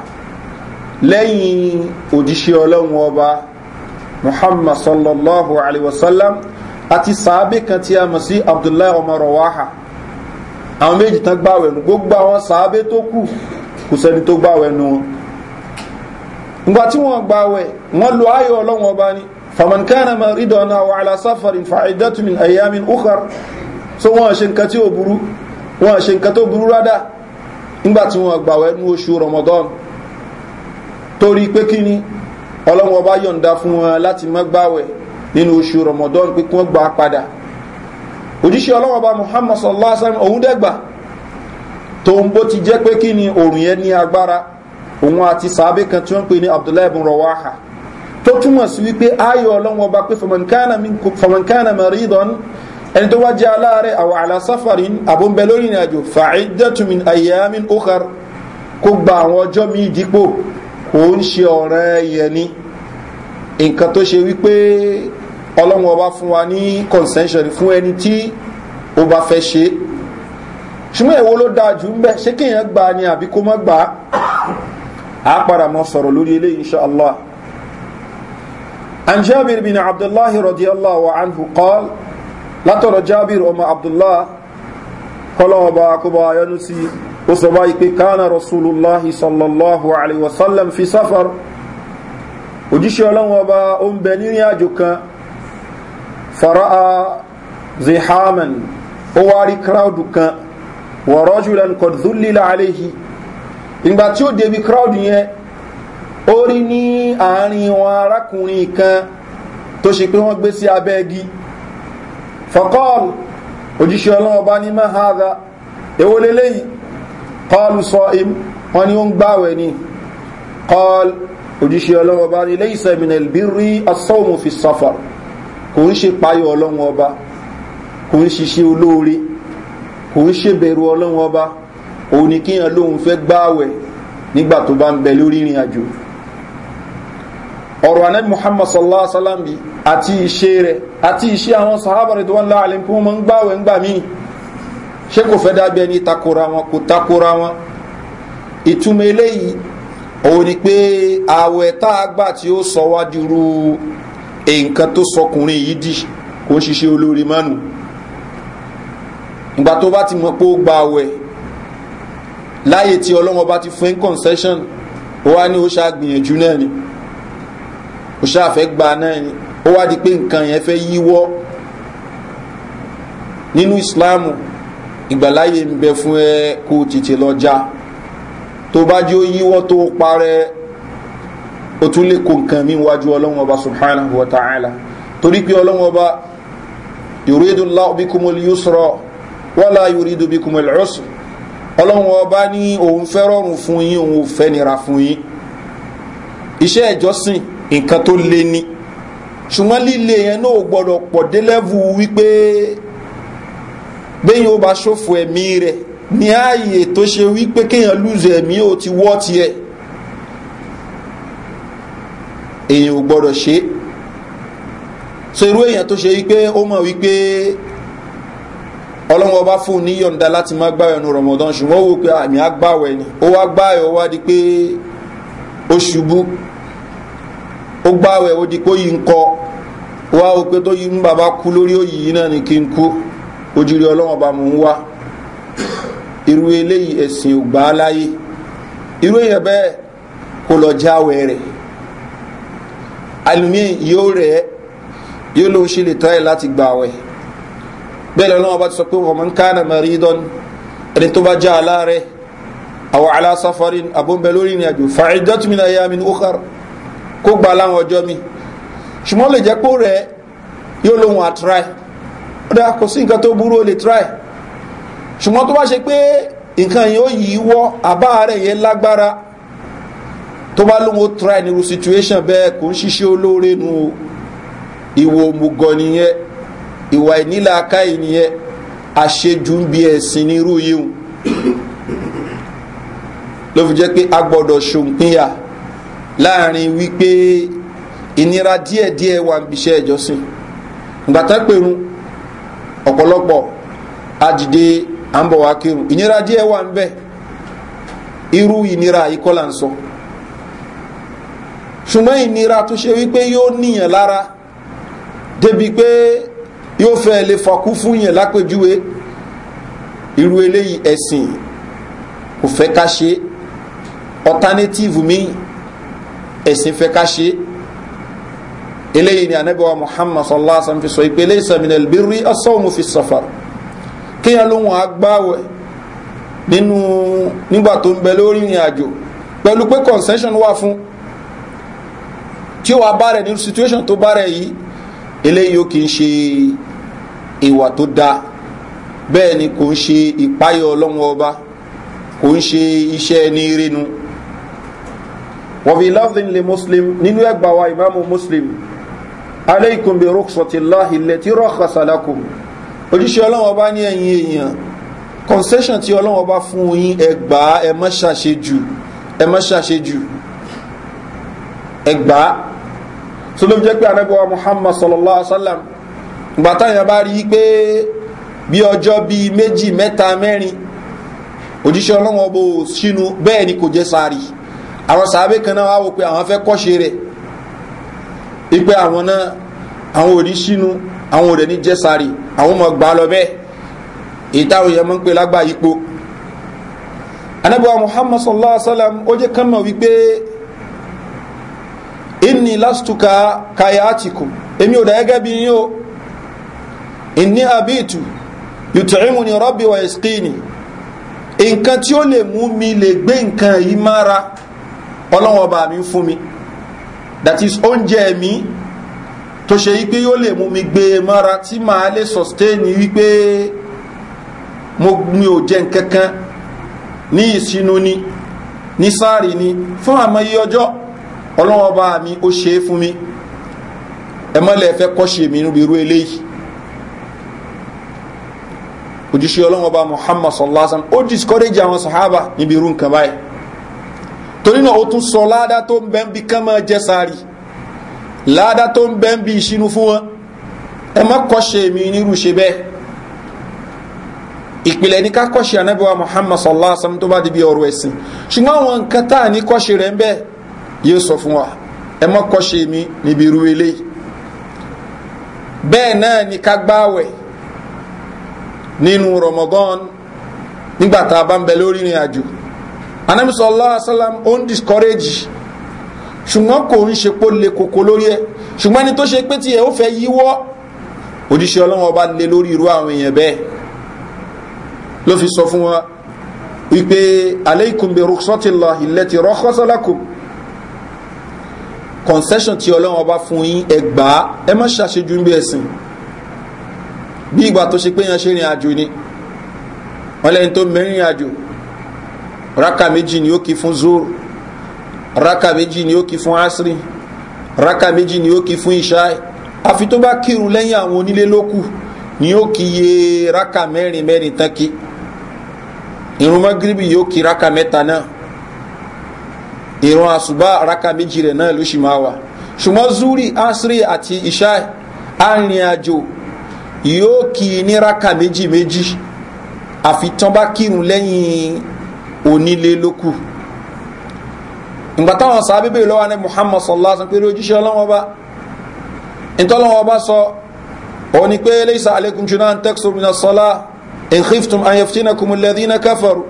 lẹ́yìn òjíṣẹ́ ọlọ́run ọba muhammad sallallahu alayhi wa sallam àti sàábé kan tí a mọ̀ sí abdullahi ọmọ rawaha àwọn méjì tán gbáwẹ̀ nù gbogbo àwọn sàábé tó kù kò sẹ́ni tó gbáwẹ̀ nù wọn ìgbà tí wọ́n gba àwẹ̀ wọ́n lo ayọ̀ ọlọ́wọ́n ọba ni faman kana maridan aw ala safarin fa iddatu min ayamin ukhar so wọ́n ṣe nǹkan tí ó burú wọ́n ṣe nǹkan tó burú rádà nígbà tí wọ́n gbàwẹ̀ ní oṣù ramadan torí pé kí ni ọlọ́wọ́n ọba yọ̀ǹda fún wọn láti má gbàwẹ̀ nínú oṣù ramadan pé kí wọ́n gbà padà òjíṣẹ́ ọlọ́wọ́n muhammad sallallahu alaihi wa sallam òun dẹ́gbà tó ń bó ti jẹ́ pé kí ni òrùn yẹn ní òun àti sàábé kan tí wọ́n pè ní abdullahi bin rawaha tó túmọ̀ sí wípé ayọ̀ ọlọ́wọ́ bá pé fọmọ̀nkánà maridon ẹni tó wá jẹ́ aláàrẹ àwọn alasafarin àbúnbẹ lórí ìrìn àjò fàáìdẹ́tùmí ayyamin okar kó gba àwọn ọjọ́ mi dípò òun ṣe ọ̀rẹ́ yẹn ni nǹkan tó ṣe wípé ọlọ́wọ́ bá fún wa ní consension fún ẹni tí ó bá fẹ́ ṣe ṣùgbọ́n èwo ló dáa jù ń bẹ́ ṣé kéèyàn gbà ni àbí kó má gbà á a padà mọ́ sọ̀rọ̀ lórí ilé insha allah an jabir bin abdullahi radiyallahu anhu qal látọ̀rọ̀ jabir ọmọ abdullah kọlọ́ọ̀bá kọba yanu sí ó sọ bá ipe kánà rasulullahi sallallahu alaihi wasallam fi safar òjíṣẹ́ ọlọ́wọ́ bá ó ń bẹ nírìn àjò kan fara'a zihaman ó wá rí kan wọ̀rọ̀jùlan kọ̀dúlìlà alaihi ìgbà tí ó débi crowd yẹn ó rí ní àárín wọn arákùnrin kan tó ṣe pé wọ́n gbé sí abẹ́ igi fọ́kọ́ọ̀lù òjíṣẹ́ ọlọ́wọ́ bá ní máa hádá èwo lélẹ́yìí kọ́ọ̀lù sọ im wọ́n ni ó ń gbáwẹ̀ ni kọ́ọ̀lù òjíṣẹ́ ọlọ́wọ́ bá ní lẹ́yìn sẹ́mìnàl bí rí asọ́ọ̀mù fi sọ́fọ̀ kò ń ṣe payọ̀ ọlọ́wọ́ ọba kò ń ṣiṣẹ́ olóore kò ń ṣe ọlọ́wọ́ ọba òun ni kíyàn lóun fẹ́ gbáwẹ̀ nígbà tó bá ń bẹ lórí ìrìn àjò ọ̀rọ̀ anẹ́bí muhammad sallallahu alaihi wasallam bi àti iṣẹ́ rẹ̀ àti iṣẹ́ àwọn sahaba rẹ̀ tó wọ́n láàrin pé wọ́n ń gbáwẹ̀ ńgbà míì ṣé kò fẹ́ dábẹ́ ní takora wọn kò takora wọn ìtumọ̀ eléyìí òun ni pé ààwẹ̀ tá a gbà tí ó sọ wá dúró nǹkan tó sọkùnrin yìí dì kò ń ṣiṣẹ́ olórí mánu ìgbà tó bá ti mọ̀ pé ó gba láyé tí ọlọ́wọ́n bá ti fún in concession ó wá ní ó ṣáà gbìyànjú náà ni ó ṣáà fẹ́ gba náà ni ó wá di pé nǹkan yẹn fẹ́ yíwọ́ nínú islam ìgbàláyé ń bẹ fún ẹ kó tètè lọ já tó bá jẹ́ yíwọ́ tó parẹ́ ó tún lè kó nǹkan mi wájú ọlọ́wọ́n ọba subhanahu wa ta'ala torí pé ọlọ́wọ́n ọba yorùdùn láwọ́ bí kúmọ̀lì yusrọ̀ wọ́n láà yorùdùn bí kúmọ̀lì ọ̀sùn ọlọ́run ọba ní òun fẹ́ rọrùn fún yín òun ò fẹ́ nira fún yín iṣẹ́ ìjọsìn nǹkan tó le ni ṣùgbọ́n líle yẹn náà gbọ́dọ̀ pọ̀ dé lẹ́vù wípé bẹ́yìn ó bá ṣòfò ẹ̀mí rẹ̀ ní ààyè tó ṣe wípé kéèyàn lùzọ ẹ̀mí ó ti wọ́ tiẹ̀ èèyàn ò gbọ́dọ̀ ṣe so irú èèyàn tó ṣe wípé ó mọ̀ wípé ọlọ́run ọba fún un níyọ̀ǹda láti má gbáyọ̀ nu rọmọdán ṣùgbọ́n ó wò pé àmì agbáwẹ̀ ni ó wá gbáyọ̀ wá di pé ó ṣubú ó gbáwẹ̀ ó di pé ó yí ń kọ wá ó pé tó yí ń bàbá kú lórí òyì yìí náà ni kí n kú ojúrí ọlọ́run ọba mò ń wá irú eléyìí ẹ̀sìn ògbà láyé irú èèyàn bẹ́ẹ̀ kó lọ jáwẹ̀ rẹ̀ alùmíì yóò rẹ̀ yóò lóun ṣe lè tọ́ ẹ̀ láti gbàwẹ̀ bẹ́ẹ̀ lọ́nà ọba ti sọ pé wọ́n kánà maridon ẹni tó bá já aláàrẹ àwọn aláṣafarin abúnbẹ lórí ìrìn àjò fàáìdọ́tìmínà ya mi ní ókàr kó gba láwọn ọjọ́ mi ṣùgbọ́n lè jẹ́ pó rẹ̀ yóò lóhun àtúráì ó dá kò sí nǹkan tó burú ó lè tíráì ṣùgbọ́n tó bá ṣe pé nǹkan yìí ó yìí wọ́ àbá rẹ̀ yẹn lágbára tó bá lóhun ó tíráì nírú situation bẹ́ẹ̀ kò ń ṣiṣẹ́ olóore nu ìwò òmùgọ̀ nìyẹn ìwà inila aká ìnìyẹn àṣejù ń bi ẹ̀sìn nírú lofu ló fi jẹ́ pé a gbọ́dọ̀ ṣòǹpínyà láàrin wípé ìnira díẹ̀díẹ̀ wà ń bíṣẹ́ ìjọsìn ìgbàtà pèrún ọ̀pọ̀lọpọ̀ àdìde à ń bọ̀ wá kírun ìnira díẹ̀ wà ń bẹ̀ irú ìnira ìkọlà ń sọ ṣùgbọ́n ìnira tó ṣe wípé yóò níyàn lára débi pé yóò fẹ́ lè fakú fún yẹn lápèjúwe irú eléyìí ẹ̀sìn kò fẹ́ ká ṣe alternative mi ẹ̀sìn fẹ́ ká ṣe eléyìí ni anabiwa muhammad sallallahu alaihi wa sallam fi sọ ìpele ìsàmìnà ìbírí asọ́ọ̀mù fi sọ̀fàrà kéèyàn ló wọn agbáwẹ̀ nínú nígbà tó ń bẹ lórí ìrìn àjò pẹ̀lú pé concession wà fún tí ó wà bá rẹ̀ nínú situation tó bá rẹ̀ yìí eléyìí ó kì í ṣe ìwà tó dáa bẹ́ẹ̀ ni kò ń ṣe ìpáyọ̀ ọlọ́wọ́ ọba kò ń ṣe iṣẹ́ ní irénu wọ̀bí láfíìn lè muslim nínú ẹgbà wa ìmáàmù muslim aleikum bi rukhsatillahi allati rakhasa ojúṣe ọlọ́wọ́ bá ní ẹ̀yìn èèyàn concession tí ọlọ́wọ́ bá fún yín ẹgbà ẹ má ṣàṣe jù ẹgbà tó ló jẹ́ pé anábíwá muhammad sallallahu alaihi wasallam gbàtàyàn bá rí pé bí ọjọ́ bíi méjì mẹ́ta mẹ́rin òjíṣẹ́ ọlọ́wọ́n bó bẹ́ẹ̀ ni kò jẹ́ sáré àwọn sàábé kan náà wá wò pé àwọn fẹ́ kọ́ṣe rẹ̀ ipe àwọn náà àwọn òní sínú àwọn òdẹ̀ ní jẹ́ sáré àwọn ọmọ gbà lọ bẹ́ẹ̀ ìtawò yẹn mọ́ ń pè muhammad sallallahu ó jẹ́ wípé inni lastuka kayatikum èmi ò dà gẹ́gẹ́ bí yín inni abitu yut'imu ni rabbi wa yasqini nkan tí ó lè mú mi lè gbé nkan yìí mára ọlọ́wọ́ bá mi fún mi that is oúnjẹ mi tó ṣe yí pé yóò lè mú mi gbé e mára tí màá lè sustain wípé mo mi ò jẹ nkankan ní ìsinú ni ní sáàrì ni fún àmọye ọjọ́ ọlọ́wọ́ bá mi ó ṣe é fún mi ẹ mọ́lẹ̀ fẹ́ kọ́ ṣe mi níbi irú eléyìí òjíṣẹ́ ọlọ́run ọba muhammad sallallahu alaihi wa sallam ó discourage àwọn sahaba níbi irú nǹkan báyìí torí náà ó tún sọ ládá tó ń bẹ́ ń bi kán máa jẹ sáré ládá tó ń bẹ́ ń bi ìṣinú fún wọn ẹ má kọ́ṣe mi nírú ṣe bẹ́ẹ̀ ìpìlẹ̀ ní ká kọ́ṣe anábíwá muhammad sallallahu alaihi wa sallam tó bá di bí ọrọ̀ ẹ̀sìn ṣùgbọ́n àwọn nǹkan tá à ní kọ́ṣe rẹ̀ ń bẹ́ẹ̀ yóò sọ fún wa ẹ má kọ́ṣe mi níbi irú eléyìí bẹ́ẹ̀ náà ni ká gbáwẹ̀ẹ́ nínú Ramadan nígbàtà bá ń bẹ lórí ìrìn àjò Ànábì sallallahu alaihi wasallam ó ń discourage ṣùgbọ́n kò ń ṣe pó le kòkó lórí ẹ ṣùgbọ́n ẹni tó ṣe pé tiẹ̀ ó fẹ́ yíwọ́ òjíṣẹ́ Ọlọ́run ọba lé lórí irú àwọn èèyàn bẹ́ẹ̀ ló fi sọ fún wa wípé aleikum bi rukhsatillahi allati rakhasa lakum concession tí Ọlọ́run ọba fún yín ẹ gbà ẹ má ṣàṣejù ń bí ẹ̀sìn bí ìgbà tó ṣe pé yẹn ṣe rìn àjò ni wọ́n lẹ́yìn tó mẹ́rin àjò raka méjì ni ó kí fún zoro raka méjì ni ó kí fún asiri raka méjì ni ó kí fún ishai àfi tó bá kírun lẹ́yìn àwọn onílé lókù ni ó kí iye raka mẹ́rin mẹ́rin tán kí irun magiribi yóò kí raka mẹ́ta náà irun àṣùbá raka méjì rẹ̀ náà ló ṣì máa wà ṣùgbọ́n zuri asiri àti ishai arìnrìn àjò yóò kí i ní raka méjì méjì àfitán bá kírun lẹ́yìn onílé lókù ìgbà táwọn sábẹ́ bèèrè lọ́wọ́ ní muhammad sallallahu alaihi wa sallam pé ojúṣe ọlọ́wọ́ bá ìtọ́lọ́wọ́ bá sọ òun ni pé lẹ́sà alaikum juna tẹ́kṣùn ní sọ́lá in khiftum an yaftina kumu káfàrú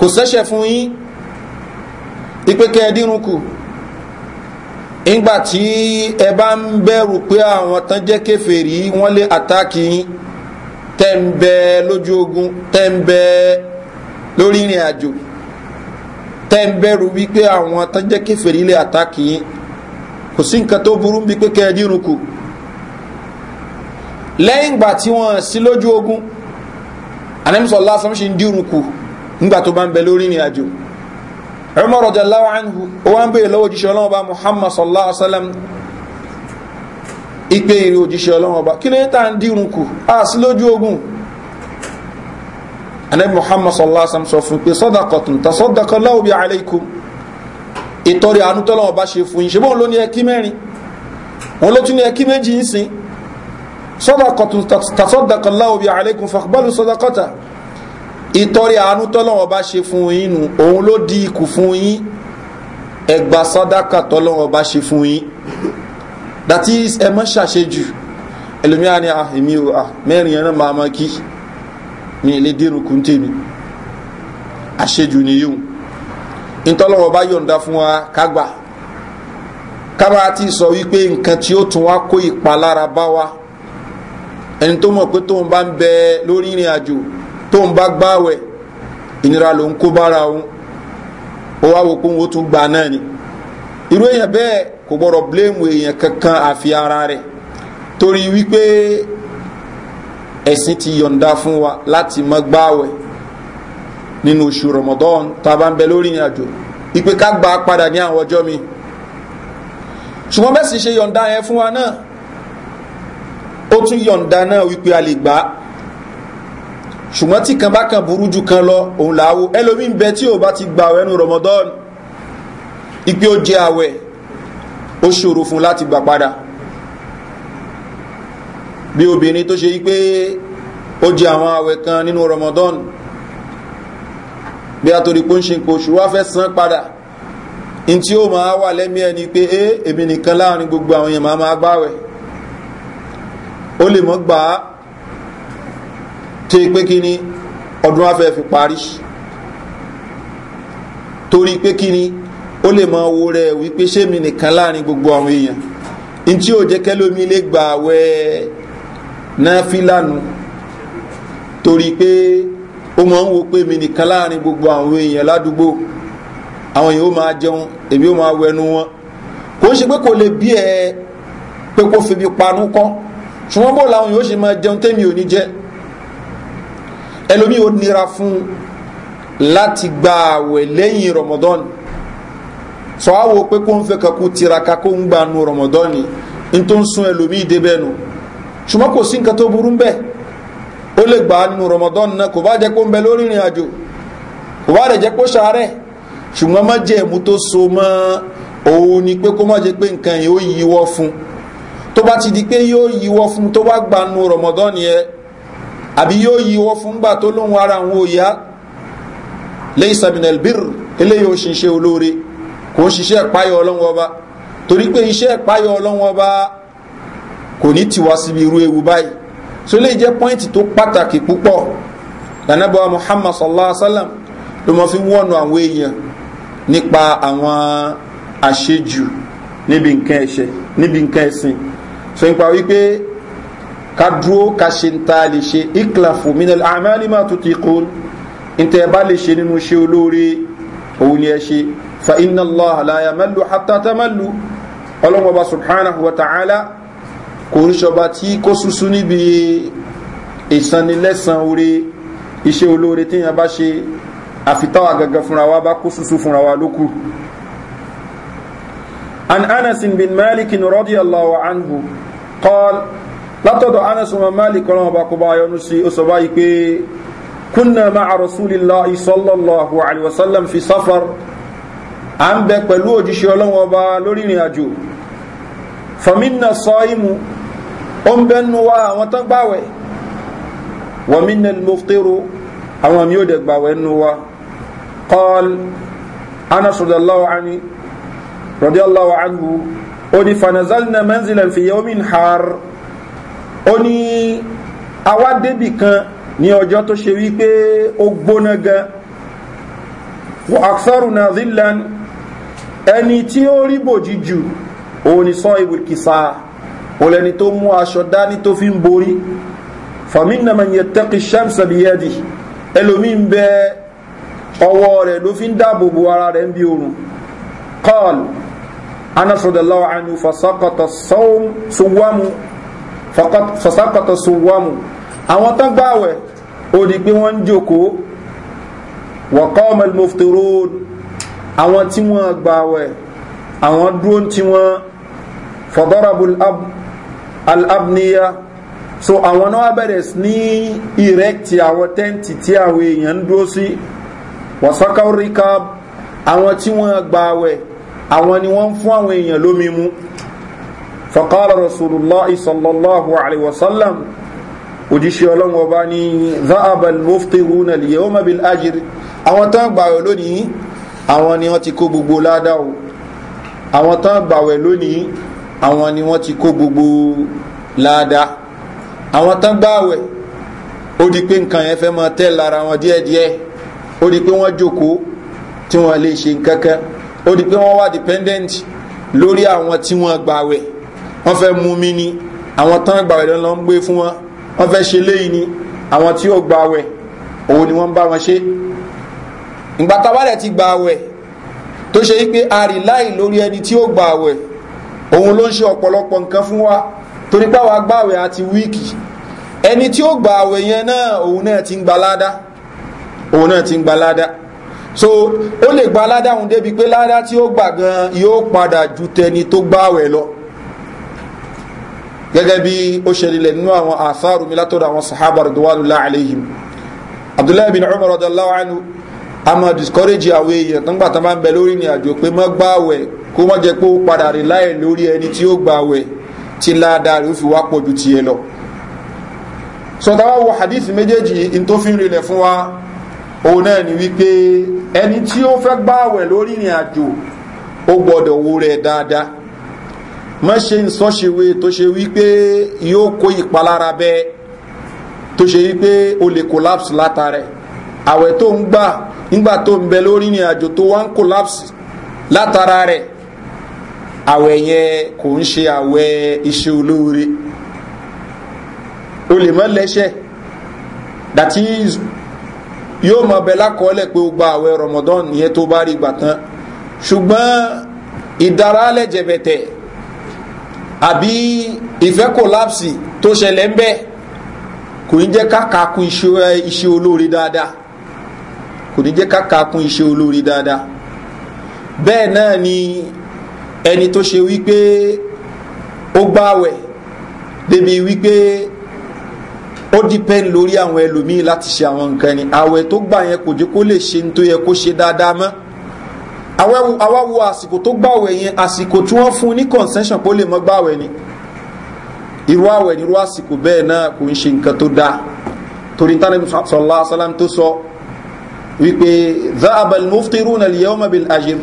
kò sẹ́ṣẹ̀ fún yín ìpẹ́kẹ́ ẹ̀dínrún kù ńgbàtí ẹ bá ń bẹ̀rù pé àwọn tán jẹ́ kèfèrí wọ́n lé àtàkì yín tẹ́ǹbẹ́ lójú ogun tẹ́ǹbẹ́ lórí ìrìn àjò tẹ́ǹbẹ́rù wípé àwọn tán jẹ́ kèfèrí lé àtàkì yín kò sí nǹkan tó burú bí pé kẹ́ẹ̀dírun kù lẹ́yìn ìgbà tí wọ́n sí lójú ogun anẹ́mísọ̀ lásán ṣe ń dírun kù nígbà tó bá ń bẹ lórí ìrìn àjò Umar radiyallahu anhu ó wá ń bèèrè lọ́wọ́ òjíṣẹ́ ọlọ́run ọba Muhammad sallallahu alaihi wasallam ìpè ìrì òjíṣẹ́ ọlọ́run ọba kí ló ń tà ń dírun kù á sí lójú ogun anabi Muhammad sallallahu alaihi wasallam sọ fún pé sadaqatun tasaddaqa Allahu biha alaykum ìtọ́rẹ àánú tọ́lọ́wọ́ bá ṣe fún yín ṣe bóun ló ní ẹkí mẹ́rin wọn ló tún ní ẹkí méjì ń sìn sadaqatun tasaddaqa Allahu biha alaykum faqbalu sadaqata ìtọ́rí àánú tọ́lọ́wọ́ bá ṣe fún yín nu òun ló di ikù fún yín ẹgbà sàdákà tọ́lọ́wọ́ bá ṣe fún yín that is ẹ mọ́ ṣàṣejù ẹlòmíà ni ah, èmi ò ah, mẹ́rin ẹran máa mọ́ kí mi lè dérun kún tèmi àṣejù nìyí ìtọ́lọ́wọ́ bá yọ̀ǹda fún wa kágbà kábà tí sọ wípé nǹkan tí ó tún wá kó ìpalára bá wa ẹni tó mọ̀ pé tóun bá ń bẹ lórí ìrìn àjò tó ń bá gbáwẹ̀ ìnira ló ń kó bára òun ó wá wo pé òun ó tún gbà náà ni irú èèyàn bẹ́ẹ̀ kò gbọ́dọ̀ bléèmù èèyàn kankan àfi ara rẹ̀ torí wípé ẹ̀sìn ti yọ̀ǹda fún wa láti má gbáwẹ̀ nínú oṣù Ramadan tá a bá ń bẹ lórí ìrìn àjò ìpè ká gbà á padà ní àwọn ọjọ́ mi ṣùgbọ́n bẹ́ẹ̀ sì ṣe yọ̀ǹda yẹn fún wa náà ó tún yọ̀ǹda náà wípé a lè gbà á ṣùgbọ́n tí kan bá kan burú ju kan lọ òun làáwo ẹlòmí ń bẹ tí ò bá ti gba àwẹ̀ ẹnu ramadan ipe ó jẹ àwẹ̀ ó ṣòro fún láti gbà padà bí obìnrin tó ṣe yí ó jẹ àwọn àwẹ̀ kan nínú rọmọdọ́ọ̀nù bí a torí pé ń ṣe nǹkan oṣù wá fẹ́ san padà in tí ó máa wà lẹ́mí ẹni pé é èmi nìkan láàrin gbogbo àwọn èèyàn máa máa gbáwẹ̀ ó lè mọ́ gbàá tó pé kí ni ọdún afẹ́ fi parí torí pé kí ni ó lè mọ owó rẹ wípé ṣé mi nìkan láàrin gbogbo àwọn èèyàn n tí yóò jẹ́ kẹ́lómi lè gbà wẹ náà fi lánàá torí pé ó máa ń wo pé mi nìkan láàrin gbogbo àwọn èèyàn ládùúgbò àwọn èèyàn ó máa jẹun èmi ó máa wẹnu wọn kò ń ṣe pé kò lè bí ẹ pé kò fi bí panu kọ́ ṣùgbọ́n bó làwọn èèyàn ó ṣe máa jẹun tẹ́mi ò ní jẹ́ ẹlòmí ó nira fún láti gba àwẹ̀ lẹ́yìn ramadan sọ àwọ̀ pé kó ń fẹ́ kakú tiraka kó ń gba nu ramadan ni n tó ń sun ẹlòmí débẹ̀ nu ṣùgbọ́n kò sí nǹkan tó burú ń bẹ̀ ó lè gbà nu ramadan náà kò bá jẹ́ kó ń bẹ lórí ìrìn àjò kò bá rẹ̀ jẹ́ kó ṣàárẹ̀ ṣùgbọ́n má jẹ́ ẹ̀mú tó so mọ́ òun ni pé kó má jẹ́ pé nǹkan yìí ó yíwọ́ fún tó bá ti di pé yóò yíwọ́ fún tó wá gba nu ramadan yẹn àbí yóò yíwọ́ fúngbà tó lóhun ara àwọn òyà lẹ́yìn saminal bir eléyìí ó ṣiṣẹ́ olóore kò ń ṣiṣẹ́ ìpáyọ̀ ọlọ́wọ́ ọba torí pé iṣẹ́ ìpáyọ̀ ọlọ́wọ́ ọba kò ní tiwa síbi irú ewu báyìí so lè jẹ́ pọ́ìntì tó pàtàkì púpọ̀ lànàbọ̀ muhammad sallallahu alaihi wa sallam ló mọ̀ fi wọ́nu àwọn èèyàn nípa àwọn àṣejù níbi nǹkan ẹ̀ṣẹ̀ níbi nǹkan ẹ̀sìn so nípa wípé ká dúró ká ṣe ń ta lè ṣe iklafu minal amali ma tutiqun ntẹ bá lè ṣe nínú ṣe olóore òun ni ẹ ṣe fa inna allah la yamallu hatta tamallu ọlọ́run ọba subhanahu wa ta'ala kò ń ṣọba tí kò susu níbi ìsanilẹ́sàn oore iṣẹ́ olóore tí yẹn bá ṣe àfitáwà gangan wa bá kó susu fúnra wa lókù an anasin bin malikin radiyallahu anhu qala látọ̀dọ̀ anasuma malik ọlọ́run ọba kó bá yọnu sí ó sọ báyìí pé kúnnà máa rasulillahi sallallahu alaihi wasallam fi safar a ń bẹ pẹ̀lú òjíṣẹ́ ọlọ́run ọba lórí ìrìn àjò faminna sọ́ìmù ó ń bẹnu wa àwọn tán gbàwẹ̀ wàmínà muftiru àwọn àmì ó dẹ̀ gbàwẹ̀ nu wa qal anas ó ní awádébì kan ní ọjọ́ tó ṣe wípé ó gbóná gan wọ aksaru na zillan ẹni tí ó rí bòjì jù òun ni sọ ìbùkìsà olẹni tó mú aṣọ dání tó fi ń borí fàmínà mẹ́yẹ tẹ́kì sẹ́msẹ̀ ẹlòmí ń bẹ ọwọ́ rẹ̀ ló fi ń dáàbò bo ara rẹ̀ ń bí oorun kọ́ọ̀lù anasọ̀dọ̀lọ́wọ́ ànú sọ́wọ́mù fasakata suwamu àwọn tán gbáwẹ̀ ó di pé wọ́n ń jókòó waqamal muftirun àwọn tí wọ́n gbáwẹ̀ àwọn dúró tí wọ́n fadarabu al so àwọn náà bẹ̀rẹ̀ ní ìrẹ́kìtì àwọn tẹ́ǹtì tí àwọn èèyàn ń dúró sí wasakaurikab àwọn tí wọ́n gbáwẹ̀ fún àwọn èèyàn lómi mú فقال رسول الله صلى الله عليه وسلم ọlọ́run ọba ní zaaba muftiru na lè yẹ́wọ́n bil ajiri àwọn tán gbàwẹ̀ lónìí àwọn ni wọ́n ti kó gbogbo ládàá o àwọn tán gbàwẹ̀ lónìí àwọn ni wọ́n ti kó gbogbo ládàá àwọn tán gbàwẹ̀ ó di pé nǹkan yẹn fẹ́ máa tẹ́ lára wọn díẹ̀díẹ̀ ó di pé wọ́n jókòó tí wọ́n lè ṣe nǹkan kan di pé wọ́n wà dependent lórí àwọn tí wọ́n gbàwẹ̀ wọ́n fẹ́ mú mi ni àwọn tán gbàwẹ̀ lọ́nà ń gbé fún wọn wọ́n fẹ́ ṣe léyìn ni àwọn tí ó gbàwẹ̀ òun ni wọ́n bá wọn ṣe ìgbà tábàlẹ̀ ti gbàwẹ̀ tó ṣe wípé àríláì lórí ẹni tí ó gbàwẹ̀ òun ló ń ṣe ọ̀pọ̀lọpọ̀ nǹkan fún wa torí páwa gbàwẹ̀ àti wíìkì ẹni tí ó gbàwẹ̀ yẹn náà òun náà ti ń gba ládá òun náà ti ń gba ládá so ó lè gba ládá òun débi pé ládá tí ó gbà gan yóò padà ju tẹni tó gbàwẹ̀ lọ gẹ́gẹ́ bí ó ṣẹlẹ̀ nínú àwọn àsáàrù mi látọ̀dọ̀ àwọn sahaba rẹ̀dùwálùlá àlẹ́yìn abdullahi bin umar radallahu anhu a máa discourage àwọn èèyàn nígbà tó máa ń bẹ lórí ìrìn àjò pé mọ́ gbàwẹ̀ kó wọ́n jẹ pé ó padà rí láì lórí ẹni tí ó gbàwẹ̀ tí ládàá rẹ̀ ó fi wá pọ̀ ju tiẹ̀ lọ sọ̀tàwá wo hadith méjèèjì in tó fi ń rinlẹ̀ fún wa òun náà ni wípé ẹni tí ó fẹ́ gbàwẹ̀ lórí ìrìn àjò ó gbọ́dọ̀ wo rẹ̀ dáadáa má ṣe ìsọ́ṣèwé tó ṣe wípé yóò kó ìpalára bẹ tó ṣe wípé o lè collapse látàrẹ àwẹ̀ tó ń gbà nígbà tó ń bẹ lórí ìrìn àjò tó wá ń collapse látara rẹ̀ àwẹ̀ yẹn kò ń ṣe àwẹ̀ iṣẹ́ olóore o lè mọ́ lẹ́ṣẹ̀ that is yóò mọ bẹ lákọọ́lẹ̀ pé o gba àwẹ̀ Ramadan yẹn tó bá rí gbà tán ṣùgbọ́n ìdáralẹ̀ jẹ̀bẹ̀tẹ̀ àbí ìfẹ́ kòlápsì tó ṣẹlẹ̀ ń bẹ́ kò ní jẹ́ kákàkùn iṣẹ́ olóore dáadáa kò ní jẹ́ kákàkùn iṣẹ́ olóore dáadáa bẹ́ẹ̀ náà ni ẹni tó ṣe wípé ó gbáwẹ̀ débi wípé ó dípẹ́ni lórí àwọn ẹlòmíì láti ṣe àwọn nǹkan ni àwẹ̀ tó gbà yẹn kò jẹ́ kó lè ṣe ní tó yẹ kó ṣe dáadáa mọ́ àwa wo àsìkò tó gbàwẹ̀ yẹn àsìkò tí wọ́n fún ní concession pó lè mọ́ gbàwẹ̀ ni irú àwẹ̀ nírú àsìkò bẹ́ẹ̀ náà kò ń ṣe nǹkan tó dáa torí tánàbí sọlá asálám tó sọ wípé zaabal muftiru na liya ọmọ bil ajir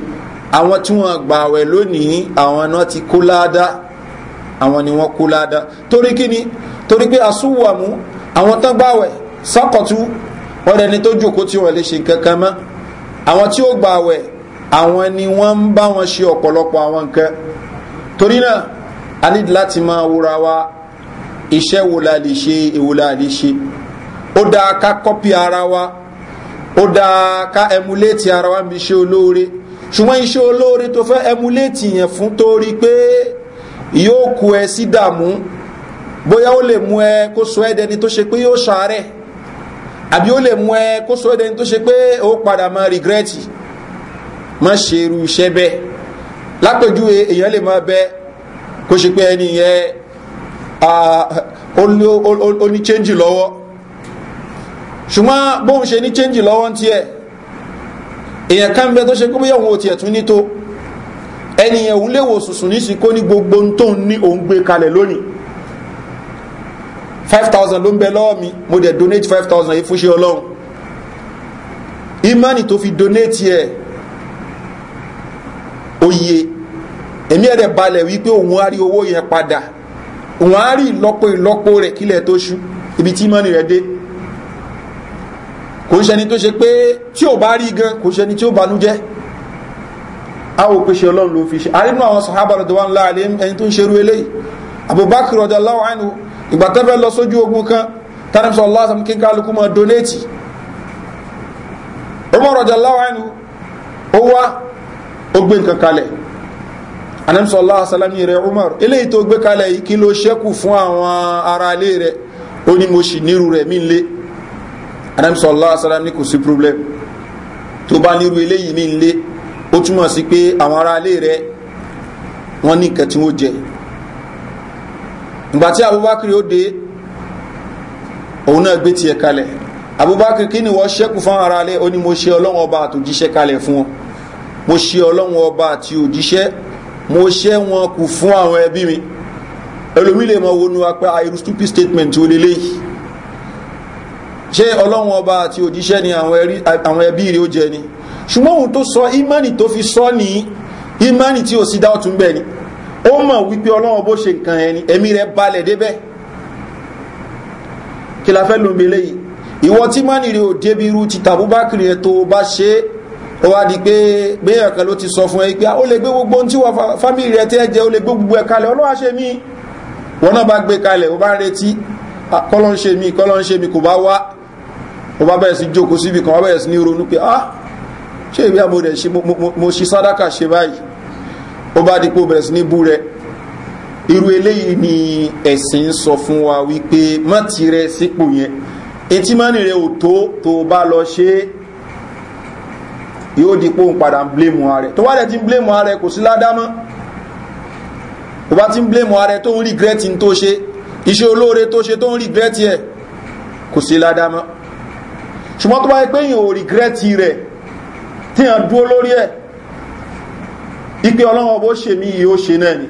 àwọn tí wọ́n gbàwẹ̀ lónìí àwọn náà ti kó láada àwọn ni wọ́n kó láada torí kíni torí pé asúwàmú àwọn tán gbàwẹ̀ sákọ̀tú ọ̀rẹ́ni tó jòkó tí wọ́n lè ṣe kankan mọ́ àwọn tí ó gbàwẹ̀ àwọn ni wọ́n ń bá wọn ṣe ọ̀pọ̀lọpọ̀ àwọn nǹkan torí náà a ní láti máa wúra wa iṣẹ́ wo la lè ṣe èwo la lè ṣe ó dáa ká kọ́pì ara wa ó dáa ká ẹmuléètì ara wa mi ṣe olóore ṣùgbọ́n iṣẹ́ olóore tó fẹ́ ẹmuléètì yẹn fún torí pé yóò kú ẹ sí dààmú bóyá ó lè mú ẹ kó sọ ẹ́ dẹni tó ṣe pé yóò ṣàárẹ̀ àbí ó lè mú ẹ kó sọ ẹ́ dẹni tó ṣe pé ó padà máa rìgírẹ́tì má ṣe irú iṣẹ́ bẹ́ẹ̀ lápèjúwe èèyàn lè máa bẹ kó ṣe pé ẹni yẹn ó ní chẹ́ńjì lọ́wọ́ ṣùgbọ́n bóun ṣe ní chẹ́ńjì lọ́wọ́ ń tiẹ̀ èèyàn kan bẹ tó ṣe kó bóyá òun ò tiẹ̀ tún ní tó ẹni yẹn òun léwò sùsùn níṣì kó ní gbogbo tó ń ní òun gbé kalẹ̀ lónìí five thousand ló ń bẹ lọ́wọ́ mi mo dẹ̀ donate five thousand yìí fúnṣe ọlọ́run imani tó fi donate yẹ ó yé èmi ẹ̀rẹ̀ balẹ̀ wípé òun á rí owó yẹn padà òun á rí ìlọ́po ìlọ́po rẹ̀ kílẹ̀ tó ṣú ibi tí mọ́ni rẹ̀ dé kò ń ṣẹni tó ṣe pé tí ò bá rí gan kò ń ṣẹni tí ó banújẹ́ a ò pèsè ọlọ́run ló fi ṣe àrínú àwọn sàhábà rẹ̀ tó wà ńlá àlẹ́ ẹni tó ń ṣerú eléyìí abubakar ọ̀dọ̀ aláwọ̀ àìnú ìgbà tẹ́fẹ́ lọ sójú ogun kan tánàmsọ̀ aláàsàn kí ó gbé nǹkan kalẹ̀ anamsọ́lá asalami rẹ̀ umar eléyìí tó gbé kalẹ̀ yìí kí ló ṣẹ́kù fún àwọn ara ilé rẹ̀ ó ní mo sì nírú rẹ̀ mí lé anamsọ́lá asalami ní kò sí problem tó bá nírú eléyìí mí lé ó túmọ̀ sí pé àwọn ara ilé rẹ̀ wọ́n ní nǹkan tí wọ́n jẹ ìgbà tí abubakar ó dé òun náà gbé tiẹ̀ kalẹ̀ abubakar kí ni wọ́n ṣẹ́kù fún ara ilé ó ní mo ṣe ọlọ́wọ́n ọba àtòjíṣẹ́ kalẹ̀ fún wọn mo ṣe ọlọ́run ọba àti òjíṣẹ́ mo ṣe wọn kù fún àwọn ẹbí mi ẹlòmí lè mọ wọnú apẹ́ ah, irú stupid statement ó lélẹ́ yìí ṣé ọlọ́run ọba àti òjíṣẹ́ ni àwọn ẹbí rẹ̀ ó jẹ ni ṣùgbọ́n òun tó sọ imani tó fi sọ ní imani tí ò sí dáwọ́ tún bẹ́ẹ̀ ni ó mọ̀ wípé ọlọ́run bó ṣe nǹkan ẹni ẹ̀mí rẹ̀ balẹ̀ débẹ̀ kí la fẹ́ lóun bẹ́ẹ̀ lẹ́yìn ìwọ tí mánì rẹ̀ ò débi irú ti tàbúbákìrì ẹ̀ tó bá ṣe é ó wá di pé gbéyàn kan ló ti sọ fún ẹ pé ah, ó lè gbé gbogbo ohun tí wà fámìlì rẹ tẹ́ jẹ́ ó lè gbé gbogbo ẹ̀ kalẹ̀ ọlọ́wà ṣe mí wọn náà bá gbé kalẹ̀ ó bá ń retí ah, kọ́lọ́ ń ṣe mí kọ́lọ́ ń ṣe mí kò bá wá ó bá bẹ̀rẹ̀ sí jókòó síbi kan ó bẹ̀rẹ̀ sí ní ronú pé ah ṣé ìwé àmọ́ rẹ̀ ṣe mo ṣe sádàkà ṣe báyìí ó bá di pé ó bẹ̀rẹ̀ sí ní bú rẹ̀ irú eléyìí ni ẹ̀sìn sọ fún wa wípé má tirẹ̀ sípò yẹn etí má nìrẹ̀ ò tó tó bá lọ ṣe é yóò di pé òun padà ń bléèmù ààrẹ tó wá dẹ̀ ti ń bléèmù ààrẹ kò sí ládámọ́ tó bá ti ń bléèmù ààrẹ tó ń rìgírẹ́tì tó ṣe iṣẹ́ olóore tó ṣe tó ń rìgírẹ́tì ẹ̀ kò sí ládámọ́ ṣùgbọ́n tó bá yẹ pé yìí ò rìgírẹ́tì rẹ̀ tí yàn dúó lórí ẹ̀ ipe ọlọ́run ọbọ̀ ṣe mí yìí ó ṣe náà ni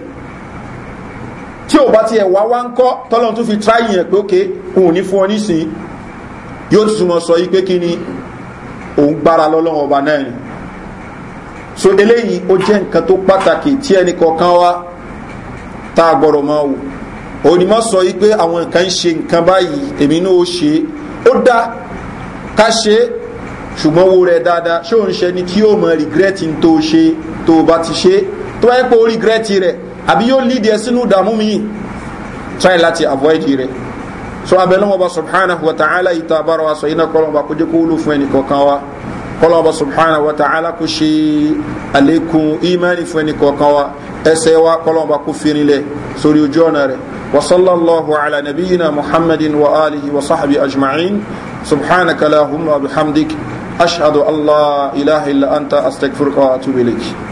tí ò bá ti ẹ̀ wá wá ń kọ́ tọ́lọ́run tó fi tráyìn ẹ̀ pé ókè òun ní fún ọ nísìn yóò tún mọ̀ sọ yí pé kí ni òun gbára lọ́lọ́wọ́ ọba náà ni so eléyìí ó jẹ́ nǹkan tó pàtàkì tí ẹnì kọ̀ọ̀kan wá tá a gbọ́dọ̀ máa wò onímọ̀ sọ yìí pé àwọn nǹkan ń ṣe nǹkan báyìí èmi náà ó ṣe ó dá ká ṣe ṣùgbọ́n wo rẹ̀ dáadáa ṣé òun ṣe ni kí o mọ̀ rìgírẹ́tì tó ṣe tó bá ti ṣe tó wáyé pé ó rìgírẹ́tì rẹ̀ àbí yóò lídìí ẹ sínú ìdààmú mi try láti avoid rẹ̀ so abẹ́lẹ́wọ̀n ọba subhanahu wa ta'ala yìí tó abára wa sọ yìí náà kọ́lọ́wọ́n ọba kó jẹ́ kó wúlò fún ẹnì kọ̀ọ̀kan wa kọ́lọ́wọ́n ọba subhanahu wa ta'ala kó ṣe àlékún ìmánì fún ẹnì kọ̀ọ̀kan wa ẹsẹ̀ wa kọ́lọ́wọ́n ọba kó fìrìnlẹ̀ sórí ojú ọ̀nà rẹ̀ وصلى الله على نبينا محمد وآله وصحبه أجمعين سبحانك اللهم وبحمدك أشهد أن لا إله إلا أنت أستغفرك وأتوب